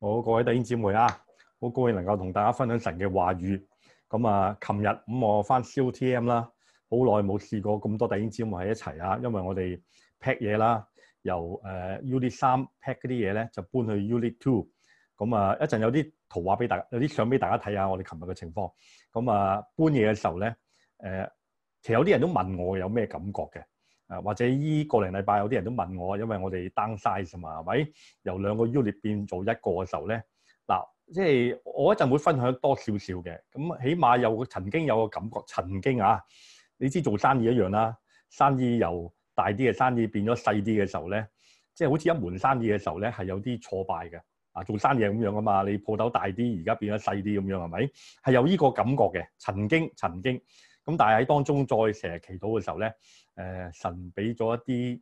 我各位弟兄姊妹啊，好高興能夠同大家分享神嘅話語。咁啊，琴日咁我翻 COTM 啦，好耐冇試過咁多弟兄姊妹喺一齊啊，因為我哋 pack 嘢啦，由誒 Unit 三 pack 啲嘢咧，就搬去 Unit two。咁啊，一陣有啲圖畫俾大家，有啲相俾大家睇下我哋琴日嘅情況。咁啊，搬嘢嘅時候咧，誒，其實有啲人都問我有咩感覺嘅。誒或者依個零禮拜有啲人都問我，因為我哋 downsize 啊嘛，係咪由兩個 Unit 變做一個嘅時候咧？嗱，即係我一陣會,會分享多少少嘅，咁起碼有個曾經有個感覺，曾經啊，你知做生意一樣啦，生意由大啲嘅生意變咗細啲嘅時候咧，即係好似一門生意嘅時候咧，係有啲挫敗嘅啊，做生意咁樣啊嘛，你鋪頭大啲，而家變咗細啲咁樣係咪？係有依個感覺嘅，曾經曾經。咁但係喺當中再成日祈禱嘅時候咧，誒、呃、神俾咗一啲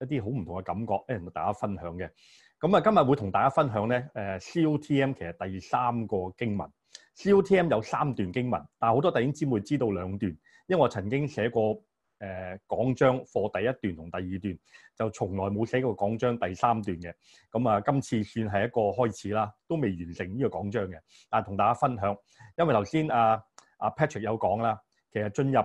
一啲好唔同嘅感覺，誒同大家分享嘅。咁啊，今日會同大家分享咧，誒、呃、COTM 其實第三個經文，COTM 有三段經文，但係好多弟兄姊妹知道兩段，因為我曾經寫過誒講、呃、章課第一段同第二段，就從來冇寫過講章第三段嘅。咁、嗯、啊，今次算係一個開始啦，都未完成呢個講章嘅，但同大家分享。因為頭先阿阿 Patrick 有講啦。其實進入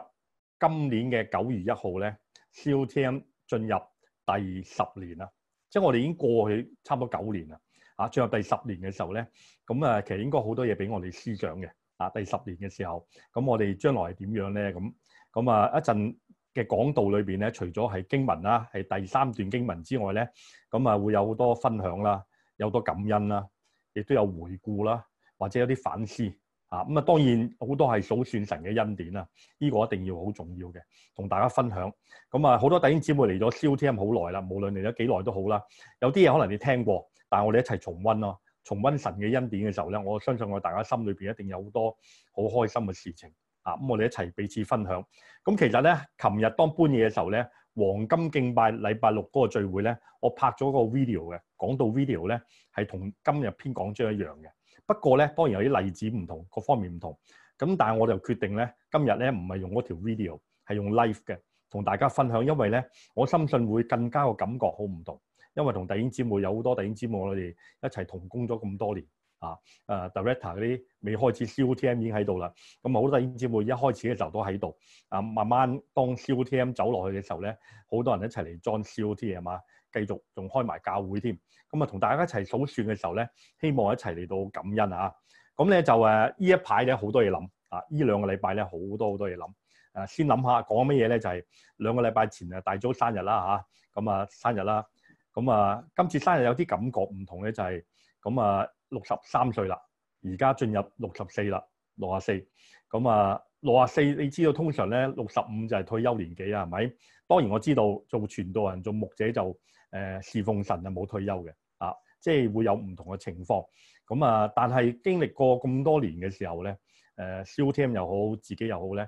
今年嘅九月一號咧，CTM 進入第十年啦，即係我哋已經過去差唔多九年啦，啊，進入第十年嘅時候咧，咁啊，其實應該好多嘢俾我哋思想嘅，啊，第十年嘅時候，咁我哋將來係點樣咧？咁，咁啊一陣嘅講道裏邊咧，除咗係經文啦，係第三段經文之外咧，咁啊會有好多分享啦，有好多感恩啦，亦都有回顧啦，或者有啲反思。啊咁啊，當然好多係數算神嘅恩典啦，呢個一定要好重要嘅，同大家分享。咁啊，好多弟兄姊妹嚟咗 CTM 好耐啦，無論嚟咗幾耐都好啦，有啲嘢可能你聽過，但係我哋一齊重溫咯。重溫神嘅恩典嘅時候咧，我相信我哋大家心裏邊一定有好多好開心嘅事情。啊咁，我哋一齊彼此分享。咁其實咧，琴日當搬嘢嘅時候咧，黃金敬拜禮拜六嗰個聚會咧，我拍咗個 video 嘅，講到 video 咧係同今日篇講章一樣嘅。不過咧，當然有啲例子唔同，各方面唔同。咁但係我就決定咧，今日咧唔係用嗰條 video，係用 live 嘅，同大家分享。因為咧，我深信會更加個感覺好唔同。因為同弟兄姊妹有好多弟兄姊妹，我哋一齊同工咗咁多年啊。誒 director 嗰啲未開始 COTM 已經喺度啦。咁好多弟兄姊妹一開始嘅時候都喺度。啊，慢慢當 COTM 走落去嘅時候咧，好多人一齊嚟 join COTM 啊嘛。M, 繼續仲開埋教會添，咁啊同大家一齊數算嘅時候咧，希望一齊嚟到感恩啊！咁咧就誒，呢一排咧好多嘢諗啊，呢兩個禮拜咧好多好多嘢諗。誒、啊，先諗下講乜嘢咧？就係、是、兩個禮拜前啊，大、啊、早生日啦嚇，咁啊生日啦，咁啊今次生日有啲感覺唔同咧，就係、是、咁啊六十三歲啦，而家進入六十四啦，六十四。咁啊六十四，你知道通常咧六十五就係退休年紀啊，係咪？當然我知道做傳道人做牧者就。誒侍、呃、奉神就冇退休嘅啊，即係會有唔同嘅情況咁啊。但係經歷過咁多年嘅時候咧，誒 a m 又好，自己又好咧，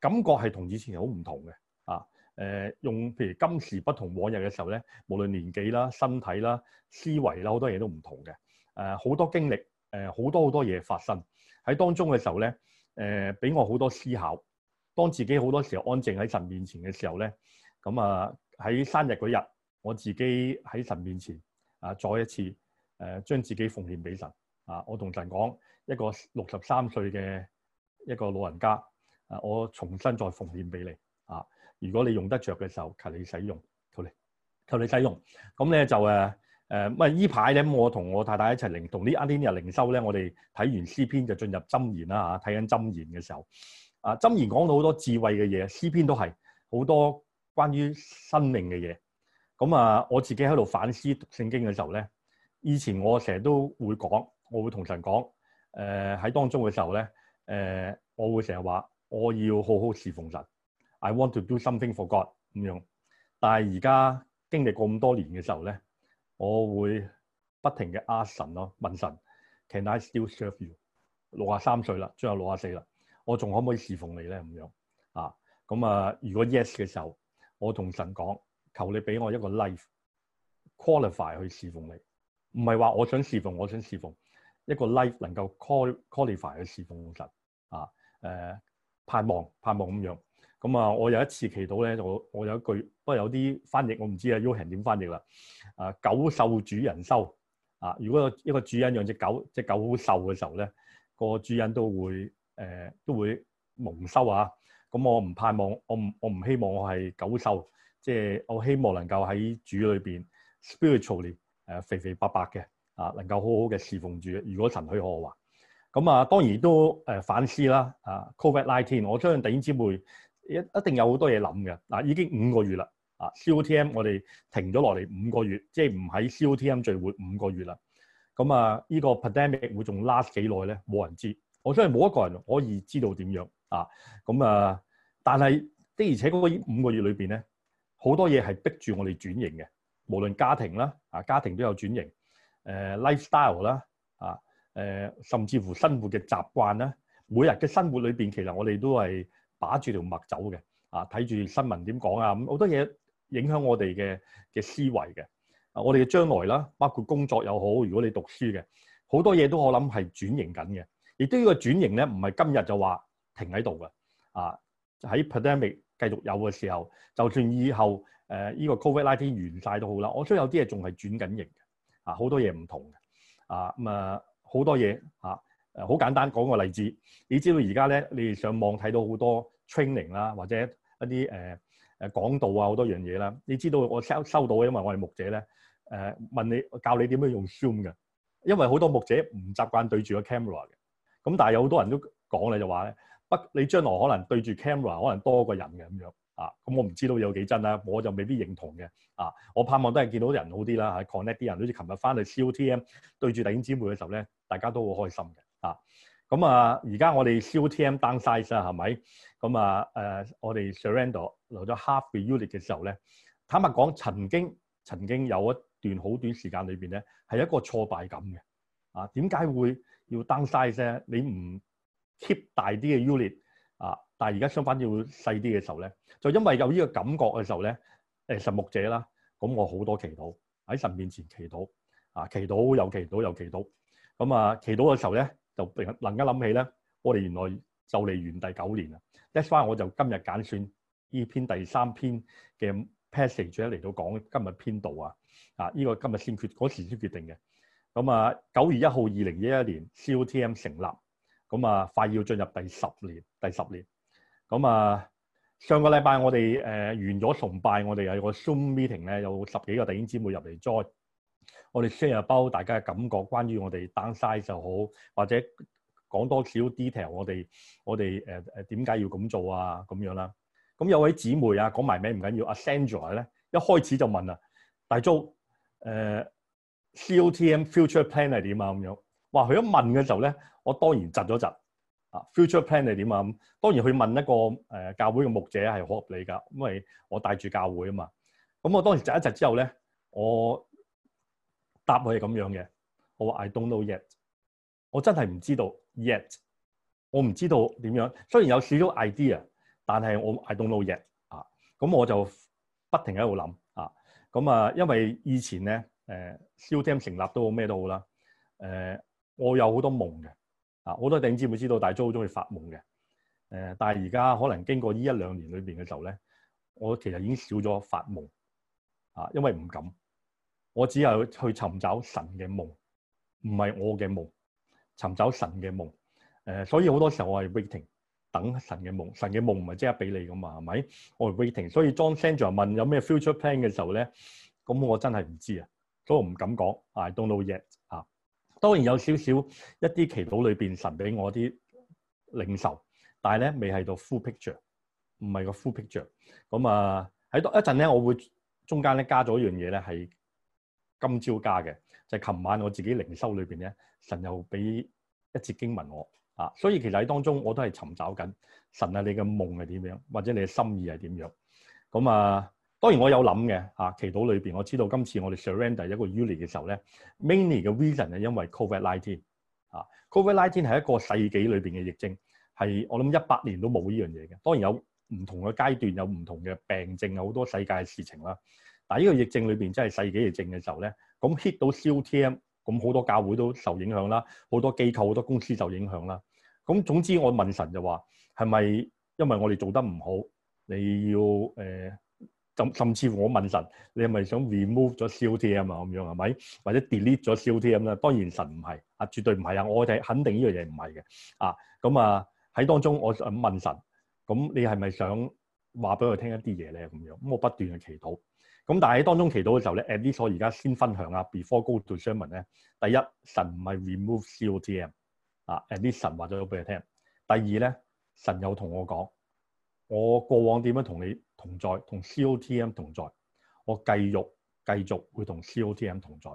感覺係同以前好唔同嘅啊。誒、呃、用譬如今時不同往日嘅時候咧，無論年紀啦、身體啦、思維啦，好多嘢都唔同嘅。誒、啊、好多經歷，誒、呃、好多好多嘢發生喺當中嘅時候咧，誒、呃、俾我好多思考。當自己好多時候安靜喺神面前嘅時候咧，咁啊喺生日嗰日，我自己喺神面前啊，再一次誒、呃，將自己奉獻俾神啊！我同神講一個六十三歲嘅一個老人家啊，我重新再奉獻俾你啊。如果你用得着嘅時候，求你使用，求你求你使用。咁咧就誒誒，唔係依排咧。啊、我同我太太一齊靈同呢一啲日靈修咧，我哋睇完詩篇就進入箴言啦嚇。睇緊箴言嘅時候啊，箴言講到好多智慧嘅嘢，詩篇都係好多關於生命嘅嘢。咁啊，我自己喺度反思讀聖經嘅時候咧，以前我成日都會講，我會同神講，誒、呃、喺當中嘅時候咧，誒、呃、我會成日話我要好好侍奉神，I want to do something for God 咁樣。但係而家經歷過咁多年嘅時候咧，我會不停嘅 ask 神咯，問神 Can I still serve you？六啊三歲啦，將要六啊四啦，我仲可唔可以侍奉你咧？咁樣啊，咁啊，如果 yes 嘅時候，我同神講。求你俾我一個 life qualify 去侍奉你，唔係話我想侍奉，我想侍奉一個 life 能夠 qualify 去侍奉神啊，誒、呃，盼望盼望咁樣。咁啊，我有一次祈禱咧，我我有一句，不過有啲翻譯我唔知啊，Yohan 點翻譯啦？啊，狗瘦、啊啊、主人羞啊，如果一個主人養隻狗，隻狗好瘦嘅時候咧，個主人都會誒、呃、都會蒙羞啊。咁我唔盼望，我唔我唔希望我係狗瘦。即係我希望能夠喺主裏邊 spiritually 誒肥肥白白嘅啊，能夠好好嘅侍奉主。如果神許可嘅話，咁啊當然都誒反思啦啊。COVID-19，我相信弟兄姊妹一一定有好多嘢諗嘅啊。已經五個月啦啊，COTM 我哋停咗落嚟五個月，即係唔喺 COTM 聚會五個月啦。咁啊，呢個 pandemic 會仲 last 幾耐咧？冇人知。我相信冇一個人可以知道點樣啊。咁啊，但係的而且確五個月裏邊咧，好多嘢係逼住我哋轉型嘅，無論家庭啦，啊家庭都有轉型，誒 lifestyle 啦，啊誒甚至乎生活嘅習慣啦，每日嘅生活裏邊，其實我哋都係把住條脈走嘅，啊睇住新聞點講啊，咁好多嘢影響我哋嘅嘅思維嘅，我哋嘅將來啦，包括工作又好，如果你讀書嘅，好多嘢都我諗係轉型緊嘅，亦都呢個轉型咧，唔係今日就話停喺度嘅，啊喺 pandemic。繼續有嘅時候，就算以後誒依、呃呢個 COVID nineteen 完晒都好啦。我知有啲嘢仲係轉緊型嘅，啊好多嘢唔同嘅，啊咁、嗯、啊好多嘢嚇誒好簡單講個例子。你知道而家咧，你上網睇到好多 training 啦，或者一啲誒誒講道啊好多樣嘢啦。你知道我收收到，因為我係牧者咧誒問你教你點樣用 Zoom 嘅，因為好多牧者唔習慣對住個 camera 嘅。咁但係有好多人都講你，就話咧。你將來可能對住 camera 可能多個人嘅咁樣啊，咁我唔知道有幾真啦，我就未必認同嘅啊。我盼望都係見到人好啲啦，係 connect 啲人。好似琴日翻嚟 COTM 對住弟兄姊妹嘅時候咧，大家都好開心嘅啊。咁啊，而、啊、家我哋 COTM down size 啦，係咪？咁啊，誒、啊，我哋 Surrender 留咗 half unit 嘅時候咧，坦白講，曾經曾經有一段好短時間裏邊咧，係一個挫敗感嘅啊。點解會要 down size 咧？你唔？keep 大啲嘅 unit 啊，但係而家相反要細啲嘅時候咧，就因為有呢個感覺嘅時候咧，誒神目者啦，咁我好多祈禱喺神面前祈禱啊，祈禱又祈禱又祈禱，咁啊祈禱嘅時候咧，就突然間諗起咧，我哋原來就嚟完第九年啦。that’s why 我就今日揀選呢篇第三篇嘅 passage 嚟到講今日編導啊，啊、這、呢個今日先決嗰時先決定嘅，咁啊九月一號二零一一年 COTM 成立。咁啊，快要進入第十年，第十年。咁啊，上個禮拜我哋誒、呃、完咗崇拜，我哋有個 zoom meeting 咧，有十幾個弟兄姊妹入嚟 join。我哋 share 包大家嘅感覺，關於我哋 downside 就好，或者講多少 detail，我哋我哋誒誒點解要咁做啊？咁樣啦。咁有位姊妹啊，講埋名唔緊要，阿 Sandra 咧，一開始就問啊：「大鐘誒、呃、COTM future plan 係點啊？」咁樣。哇！佢一問嘅時候咧，我當然窒咗窒啊。Future plan 係點啊？咁當然去問一個誒教會嘅牧者係好合理㗎，因為我帶住教會啊嘛。咁我當時窒一窒之後咧，我答佢係咁樣嘅。我話 I don't know yet，我真係唔知道 yet，我唔知道點樣。雖然有少少 idea，但係我 I don't know yet 啊。咁我就不停喺度諗啊。咁啊，因為以前咧誒 COTM 成立都好咩都好啦，誒、呃。我有好多夢嘅，啊，好多弟兄知唔知道？大家都好中意發夢嘅，誒，但係而家可能經過呢一兩年裏邊嘅時候咧，我其實已經少咗發夢，啊，因為唔敢，我只係去尋找神嘅夢，唔係我嘅夢，尋找神嘅夢，誒，所以好多時候我係 waiting，等,等神嘅夢，神嘅夢唔係即刻俾你噶嘛，係咪？我係 waiting，所以 John Sanders 問有咩 future plan 嘅時候咧，咁我真係唔知啊，所以我唔敢講，I don't know yet。當然有少少一啲祈禱裏邊神俾我啲領受，但係咧未係到 full picture，唔係個 full picture。咁啊喺一陣咧，我會中間咧加咗一樣嘢咧，係今朝加嘅，就係、是、琴晚我自己靈修裏邊咧，神又俾一節經文我啊，所以其實喺當中我都係尋找緊神啊，你嘅夢係點樣，或者你嘅心意係點樣，咁啊。當然我有諗嘅嚇，祈禱裏邊我知道今次我哋 surrender 一個 uni 嘅時候咧，mainly 嘅 reason 係因為 CO 19 covid nineteen 啊，covid nineteen 係一個世紀裏邊嘅疫症，係我諗一百年都冇呢樣嘢嘅。當然有唔同嘅階段，有唔同嘅病症，有好多世界嘅事情啦。但係呢個疫症裏邊真係世紀疫症嘅時候咧，咁 hit 到 COTM，咁好多教會都受影響啦，好多機構、好多公司受影響啦。咁總之我問神就話係咪因為我哋做得唔好，你要誒？呃甚至乎我問神，你係咪想 remove 咗 COTM 啊？咁樣係咪？或者 delete 咗 COTM 啦？當然神唔係啊，絕對唔係啊！我哋肯定呢樣嘢唔係嘅啊。咁啊喺當中，我想問神，咁你係咪想話俾我聽一啲嘢咧？咁樣咁我不斷去祈禱。咁但喺當中祈禱嘅時候咧，At least 我而家先分享 sermon, M，啊。Before going to sermon 咧，第一神唔係 remove COTM 啊。At least 神話咗俾佢聽。第二咧，神又同我講。我過往點樣同你同在，同 COTM 同在，我繼續繼續會同 COTM 同在。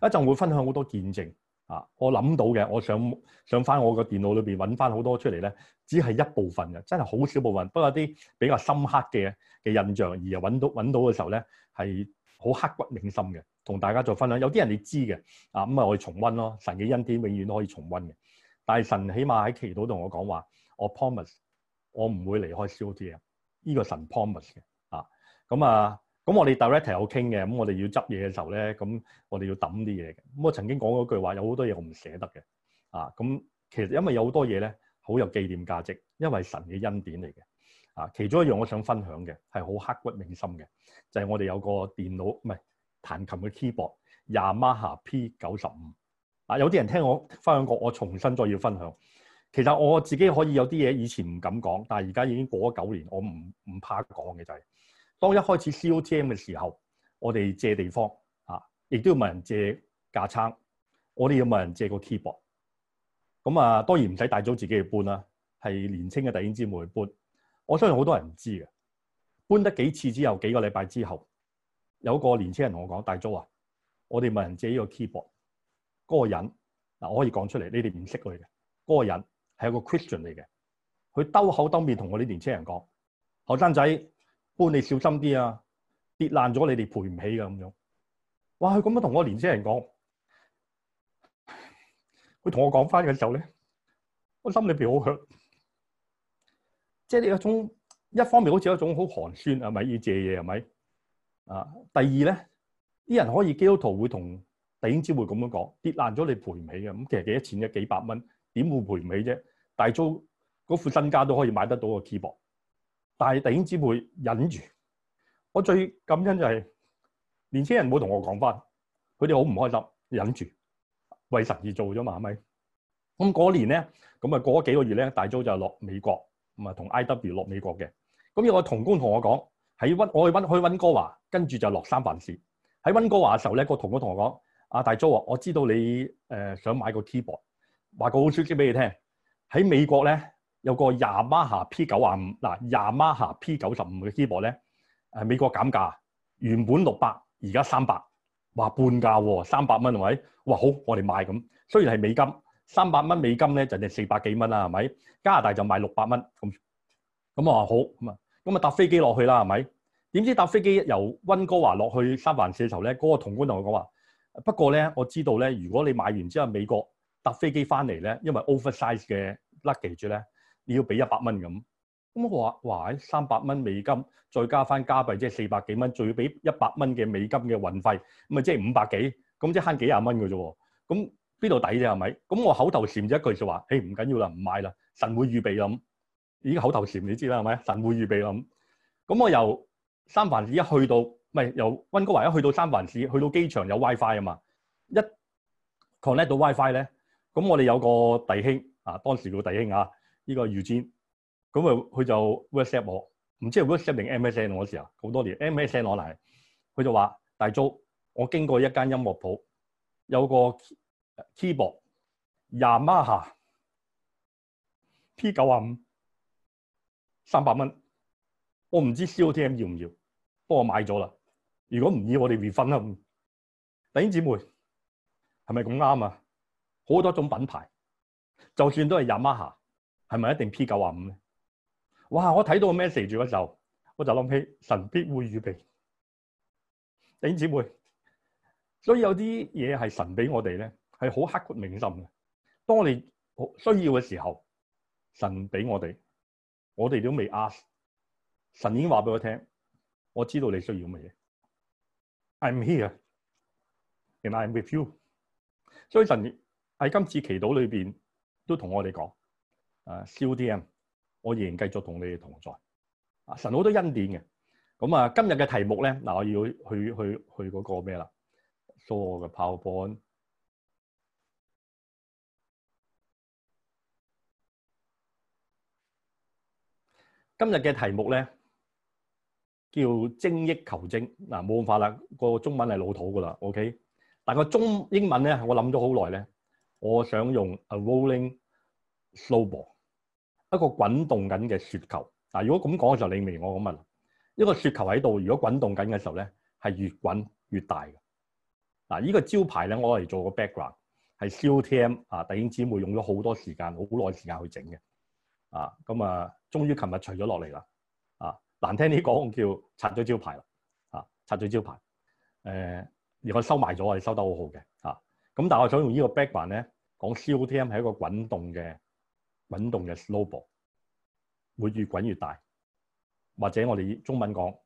一陣會，會分享好多見證啊！我諗到嘅，我想上返我個電腦裏邊揾返好多出嚟咧，只係一部分嘅，真係好少部分。不過啲比較深刻嘅嘅印象，而又揾到揾到嘅時候咧，係好刻骨銘心嘅。同大家再分享，有啲人你知嘅啊，咁、嗯、啊我哋重溫咯。神嘅恩典永遠都可以重溫嘅。但係神起碼喺祈禱同我講話，我 promise。我唔會離開 COT 啊！呢個神 promise 嘅啊，咁啊，咁我哋 director 有傾嘅，咁我哋要執嘢嘅時候咧，咁我哋要揼啲嘢嘅。咁我曾經講嗰句話，有好多嘢我唔捨得嘅啊。咁其實因為有好多嘢咧，好有紀念價值，因為神嘅恩典嚟嘅啊。其中一樣我想分享嘅係好刻骨銘心嘅，就係、是、我哋有個電腦唔係彈琴嘅 keyboard 鍵盤，雅馬哈 P 九十五啊。有啲人聽我分享過，我重新再要分享。其實我自己可以有啲嘢以前唔敢講，但係而家已經過咗九年，我唔唔怕講嘅就係、是、當一開始 COTM 嘅時候，我哋借地方啊，亦都要問人借架撐，我哋要問人借個 keyboard。咁啊，當然唔使大租自己去搬啦，係年青嘅弟兄姊妹去搬。我相信好多人唔知嘅，搬得幾次之後，幾個禮拜之後，有個年青人同我講：大租啊，我哋問人借呢個 keyboard，嗰、那個人嗱，我可以講出嚟，你哋唔識佢嘅嗰個人。係一個 question 嚟嘅，佢兜口兜面同我啲年青人講：後生仔，幫你小心啲啊！跌爛咗你哋賠唔起㗎咁樣。哇！佢咁樣同我年青人講，佢同我講翻嘅時候咧，我心裏邊好響，即係呢一種一方面好似一種好寒酸係咪？要借嘢係咪？啊！第二咧，啲人可以基督徒會同弟兄姊妹咁樣講：跌爛咗你賠唔起嘅咁，其實幾多錢嘅？幾百蚊。點會賠唔起啫，大租嗰副身家都可以買得到個 keyboard，但係頂支會忍住。我最感恩就係年青人冇同我講返，佢哋好唔開心，忍住為神而做咗嘛係咪？咁嗰、那個、年咧，咁啊過咗幾個月咧，大租就落美國，咁啊同 I W 落美國嘅。咁有個同工同我講喺温，我去温，去温哥華，跟住就落三藩市。喺温哥華嘅時候咧，個同工同我講：阿大租，啊，我知道你誒想買個 keyboard。，話個好消息俾你聽，喺美國咧有個雅馬哈 P 九十五嗱，雅馬哈 P 九十五嘅 keyboard 咧，誒美國減價，原本六百而家三百，話半價喎，三百蚊係咪？嘩，好，我哋買咁。雖然係美金，三百蚊美金咧就係四百幾蚊啦，係咪？加拿大就賣六百蚊咁。咁我話好咁啊，咁啊搭飛機落去啦，係咪？點知搭飛機由溫哥華落去三藩市嘅時候咧，嗰、那個統官同我講話，不過咧我知道咧，如果你買完之後美國。搭飛機翻嚟咧，因為 oversize 嘅 luggage 咧，你要俾一百蚊咁，咁話話喺三百蚊美金，再加翻加幣即係四百幾蚊，仲要俾一百蚊嘅美金嘅運費，咁啊即係五百幾，咁即係慳幾廿蚊嘅啫喎，咁邊度抵啫係咪？咁我口頭禪就一句就話，誒唔緊要啦，唔買啦，神會預備咁，依家口頭禪你知啦係咪，神會預備咁，咁我由三藩市一去到，唔係由温哥華一去到三藩市，去到機場有 WiFi 啊嘛，一 connect 到 WiFi 咧。咁我哋有個弟兄啊，當時叫弟兄啊，呢、呢個餘、e、堅、啊，咁啊佢就 WhatsApp 我，唔知係 WhatsApp 定 MSN 嗰時啊，好多年 MSN 攞嚟，佢就話：大租，我經過一間音樂鋪，有個 keyboard Yamaha P 九啊五三百蚊，我唔知 COTM 要唔要，幫我買咗啦。如果唔要，我哋 refund 啦。弟兄姊妹，係咪咁啱啊？好多種品牌，就算都係 Yamaha，係咪一定 P 九啊五咧？哇！我睇到個 message 嗰時候，我就諗起神必會預備弟兄姊妹，所以有啲嘢係神俾我哋咧，係好刻骨銘心嘅。當我哋需要嘅時候，神俾我哋，我哋都未 ask，神已經話俾我聽，我知道你需要乜嘢。I'm here and I'm with you。所以神。喺今次祈禱裏面也跟，都同我哋講，誒，笑啲啊！我仍然繼續同你哋同在啊！神好多恩典嘅咁啊。今日嘅題目呢，嗱，我要去去去嗰個咩啦？所謂嘅炮板。今日嘅題目呢，叫精益求精。嗱，冇咁快啦。個中文係老土㗎喇。OK，但個中英文呢，我諗咗好耐我想用 a rolling snowball 一個滾動緊嘅雪球。嗱，如果咁講嘅時候，你明我咁問：一個雪球喺度，如果滾動緊嘅時候咧，係越滾越大嘅。嗱，呢個招牌咧，我嚟做個 background 係 COTM 啊，弟兄姊妹用咗好多時間，好耐時間去整嘅。啊，咁啊，終於琴日除咗落嚟啦。啊，難聽啲講叫拆咗招牌啦。啊，拆咗招牌。誒、啊，如果我收埋咗，我哋收得好好嘅。啊。咁但係我想用呢個 background 咧，講 COTM 係一個滾動嘅滾動嘅 snowball 會越滾越大，或者我哋中文講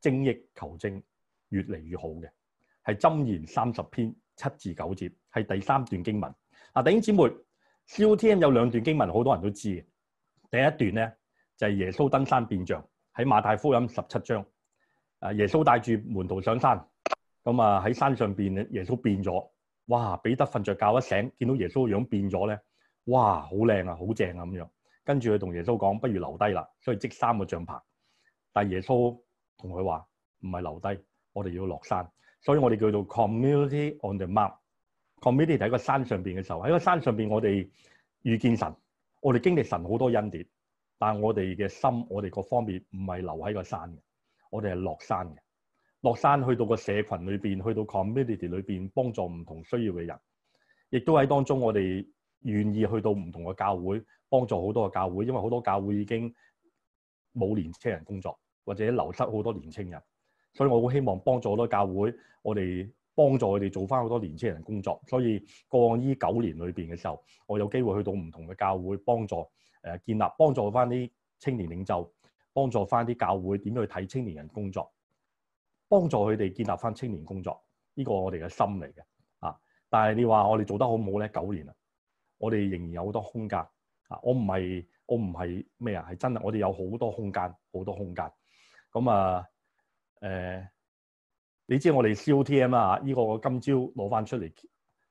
精益求精，越嚟越好嘅。係《箴言》三十篇七至九節，係第三段經文。啊，弟兄姊妹，COTM 有兩段經文，好多人都知嘅。第一段咧就係、是、耶穌登山變像喺馬太福音十七章。啊，耶穌帶住門徒上山，咁啊喺山上變，耶穌變咗。哇！彼得瞓着覺一醒，見到耶穌個樣變咗咧，哇！好靚啊，好正啊咁樣。跟住佢同耶穌講：「不如留低啦。所以積三個帳棚。但係耶穌同佢話：「唔係留低，我哋要落山。所以我哋叫做 community on the map。community 喺個山上邊嘅時候，喺個山上邊我哋遇見神，我哋經歷神好多恩典。但係我哋嘅心，我哋各方面唔係留喺個山嘅，我哋係落山嘅。落山去到個社群裏邊，去到 community 裏邊，幫助唔同需要嘅人，亦都喺當中我哋願意去到唔同嘅教會，幫助好多嘅教會，因為好多教會已經冇年青人工作或者流失好多年青人，所以我好希望幫助好多教會，我哋幫助佢哋做翻好多年青人工作。所以過往呢九年裏邊嘅時候，我有機會去到唔同嘅教會幫助誒、呃、建立幫助翻啲青年領袖，幫助翻啲教會點樣去睇青年人工作。幫助佢哋建立翻青年工作，呢個我哋嘅心嚟嘅啊！但係你話我哋做得好唔好咧？九年啦，我哋仍然有好多空間、呃、啊！我唔係我唔係咩啊？係真啊！我哋有好多空間，好多空間。咁啊誒，你知我哋 COTM 啊？呢個我今朝攞翻出嚟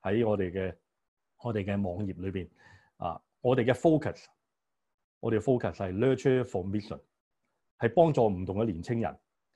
喺我哋嘅我哋嘅網頁裏邊啊！我哋嘅 focus，我哋 focus 係 learn for mission，係幫助唔同嘅年青人。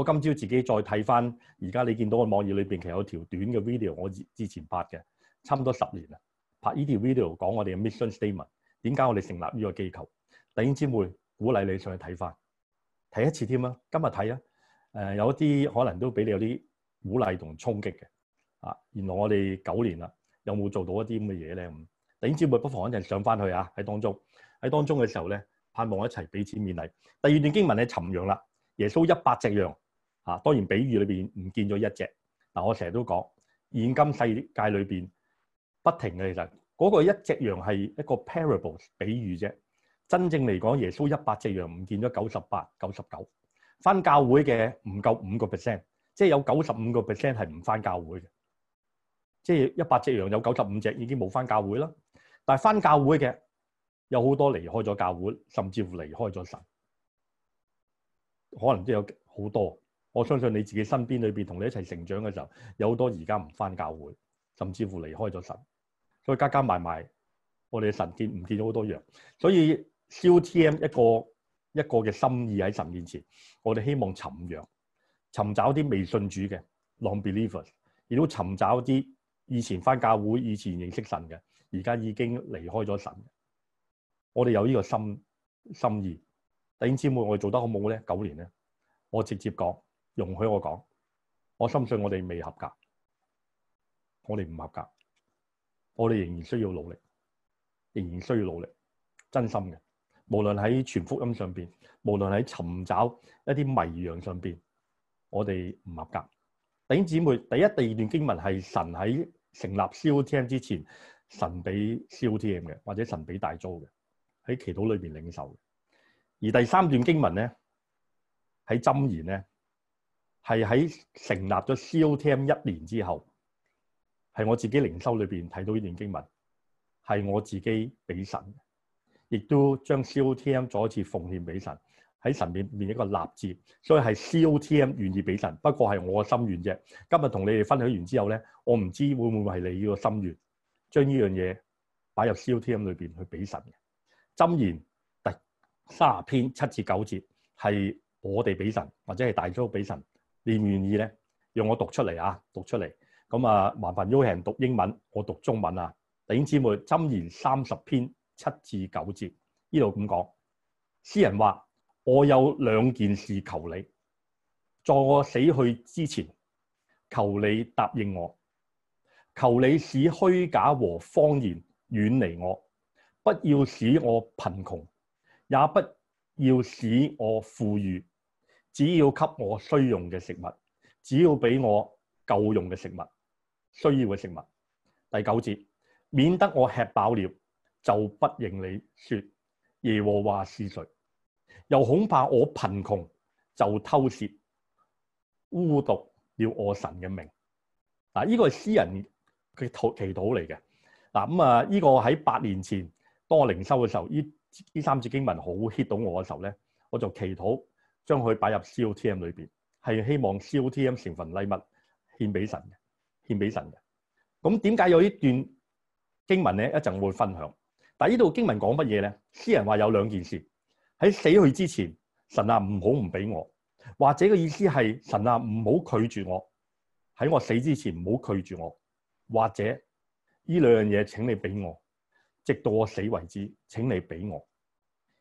我今朝自己再睇翻，而家你見到個網頁裏邊其實有條短嘅 video，我之前拍嘅，差唔多十年啦，拍呢條 video 講我哋嘅 mission statement，點解我哋成立呢個機構？弟兄姊妹鼓勵你上去睇翻，睇一次添啦，今日睇啊，誒、呃、有一啲可能都俾你有啲鼓勵同衝擊嘅啊。原來我哋九年啦，有冇做到一啲咁嘅嘢咧？弟兄姊妹不妨一陣上翻去啊，喺當中喺當中嘅時候咧，盼望一齊彼此勉勵。第二段經文係尋羊啦，耶穌一百隻羊。啊，當然比喻裏邊唔見咗一隻。嗱，我成日都講，現今世界裏邊不停嘅，其實嗰個一隻羊係一個 parable 比喻啫。真正嚟講，耶穌一百隻羊唔見咗九十八、九十九，翻教會嘅唔夠五個 percent，即係有九十五個 percent 係唔翻教會嘅。即係一百隻羊有九十五隻已經冇翻教會啦。但係翻教會嘅有好多離開咗教會，甚至乎離開咗神，可能都有好多。我相信你自己身邊裏邊同你一齊成長嘅時候，有好多而家唔翻教會，甚至乎離開咗神，所以加加埋埋我哋嘅神見唔見咗好多樣？所以燒 T.M 一個一個嘅心意喺神面前，我哋希望尋羊，尋找啲未信主嘅 non-believers，亦都尋找啲以前翻教會、以前認識神嘅，而家已經離開咗神。我哋有呢個心心意，弟兄姊妹，我哋做得好唔好咧？九年咧，我直接講。容許我講，我深信我哋未合格，我哋唔合格，我哋仍然需要努力，仍然需要努力，真心嘅。無論喺全福音上邊，無論喺尋找一啲迷羊上邊，我哋唔合格。弟兄姊妹，第一、第二段經文係神喺成立 COTM 之前，神俾 COTM 嘅，或者神俾大租嘅，喺祈禱裏邊領受嘅。而第三段經文咧，喺箴言咧。係喺成立咗 COTM 一年之後，係我自己靈修裏邊睇到呢段經文，係我自己俾神的，亦都將 COTM 再一次奉獻俾神，喺神面面一個立志，所以係 COTM 願意俾神，不過係我嘅心願啫。今日同你哋分享完之後咧，我唔知道會唔會係你個心願，將呢樣嘢擺入 COTM 裏邊去俾神嘅。箴言第卅篇七至九節係我哋俾神，或者係大眾俾神。你唔願意呢？用我讀出嚟啊！讀出嚟咁啊，華文優慶讀英文，我讀中文啊。弟兄姊妹，箴言三十篇七至九節，依度咁講。詩人話：我有兩件事求你，在我死去之前，求你答應我，求你使虛假和謊言遠離我，不要使我貧窮，也不要使我富裕。只要給我需用嘅食物，只要俾我夠用嘅食物，需要嘅食物。第九節，免得我吃飽了就不認你說耶和華是誰，又恐怕我貧窮就偷竊污瀆要我神嘅名。嗱，呢個係詩人嘅祈禱嚟嘅。嗱咁啊，呢個喺八年前當我靈修嘅時候，呢呢三節經文好 hit 到我嘅時候咧，我就祈禱。將佢擺入 COTM 裏邊，係希望 COTM 成份禮物獻俾神嘅，獻俾神嘅。咁點解有呢段經文咧？一陣我會分享。但係呢度經文講乜嘢咧？詩人話有兩件事喺死去之前，神啊唔好唔俾我，或者嘅意思係神啊唔好拒絕我，喺我死之前唔好拒絕我，或者呢兩樣嘢請你俾我，直到我死為止，請你俾我。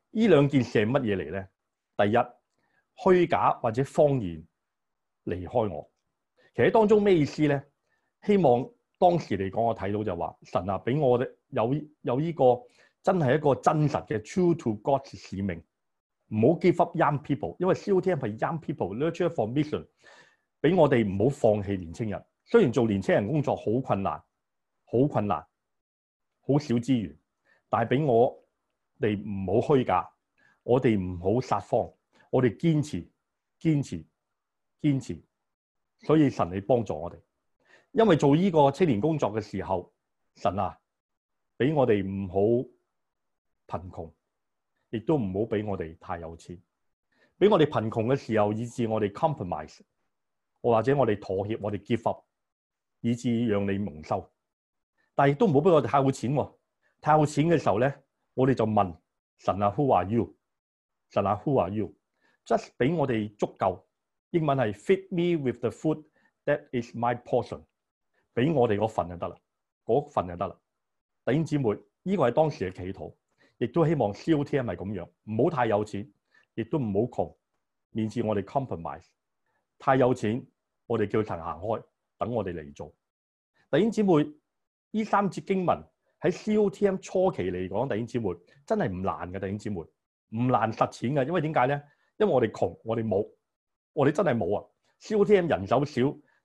呢兩件事係乜嘢嚟咧？第一。虛假或者謊言離開我，其實當中咩意思咧？希望當時嚟講，我睇到就話神啊，俾我哋有有呢個真係一個真實嘅 true to God 使命，唔好 give up young people，因為 COTM 係 young people nurture for mission，俾我哋唔好放棄年青人。雖然做年青人工作好困難，好困難，好少資源，但係俾我哋唔好虛假，我哋唔好撒謊。我哋堅持、堅持、堅持，所以神你幫助我哋。因為做呢個青年工作嘅時候，神啊，俾我哋唔好貧窮，亦都唔好俾我哋太有錢。俾我哋貧窮嘅時候，以致我哋 compromise，或者我哋妥協，我哋 give up，以致讓你蒙羞。但係亦都唔好俾我哋太有錢喎。太有錢嘅時候咧，我哋就問「神啊，Who are you？神啊，Who are you？」just 俾我哋足夠，英文係 feed me with the food that is my portion，俾我哋嗰份就得啦，嗰份就得啦。弟兄姊妹，呢個係當時嘅祈禱，亦都希望 COTM 係咁樣，唔好太有錢，亦都唔好窮，免致我哋 compromise。太有錢，我哋叫佢行行開，等我哋嚟做。弟兄姊妹，呢三節經文喺 COTM 初期嚟講，弟兄姊妹真係唔難嘅，弟兄姊妹唔難實踐嘅，因為點解咧？因為我哋窮，我哋冇，我哋真係冇啊！COTM 人手少，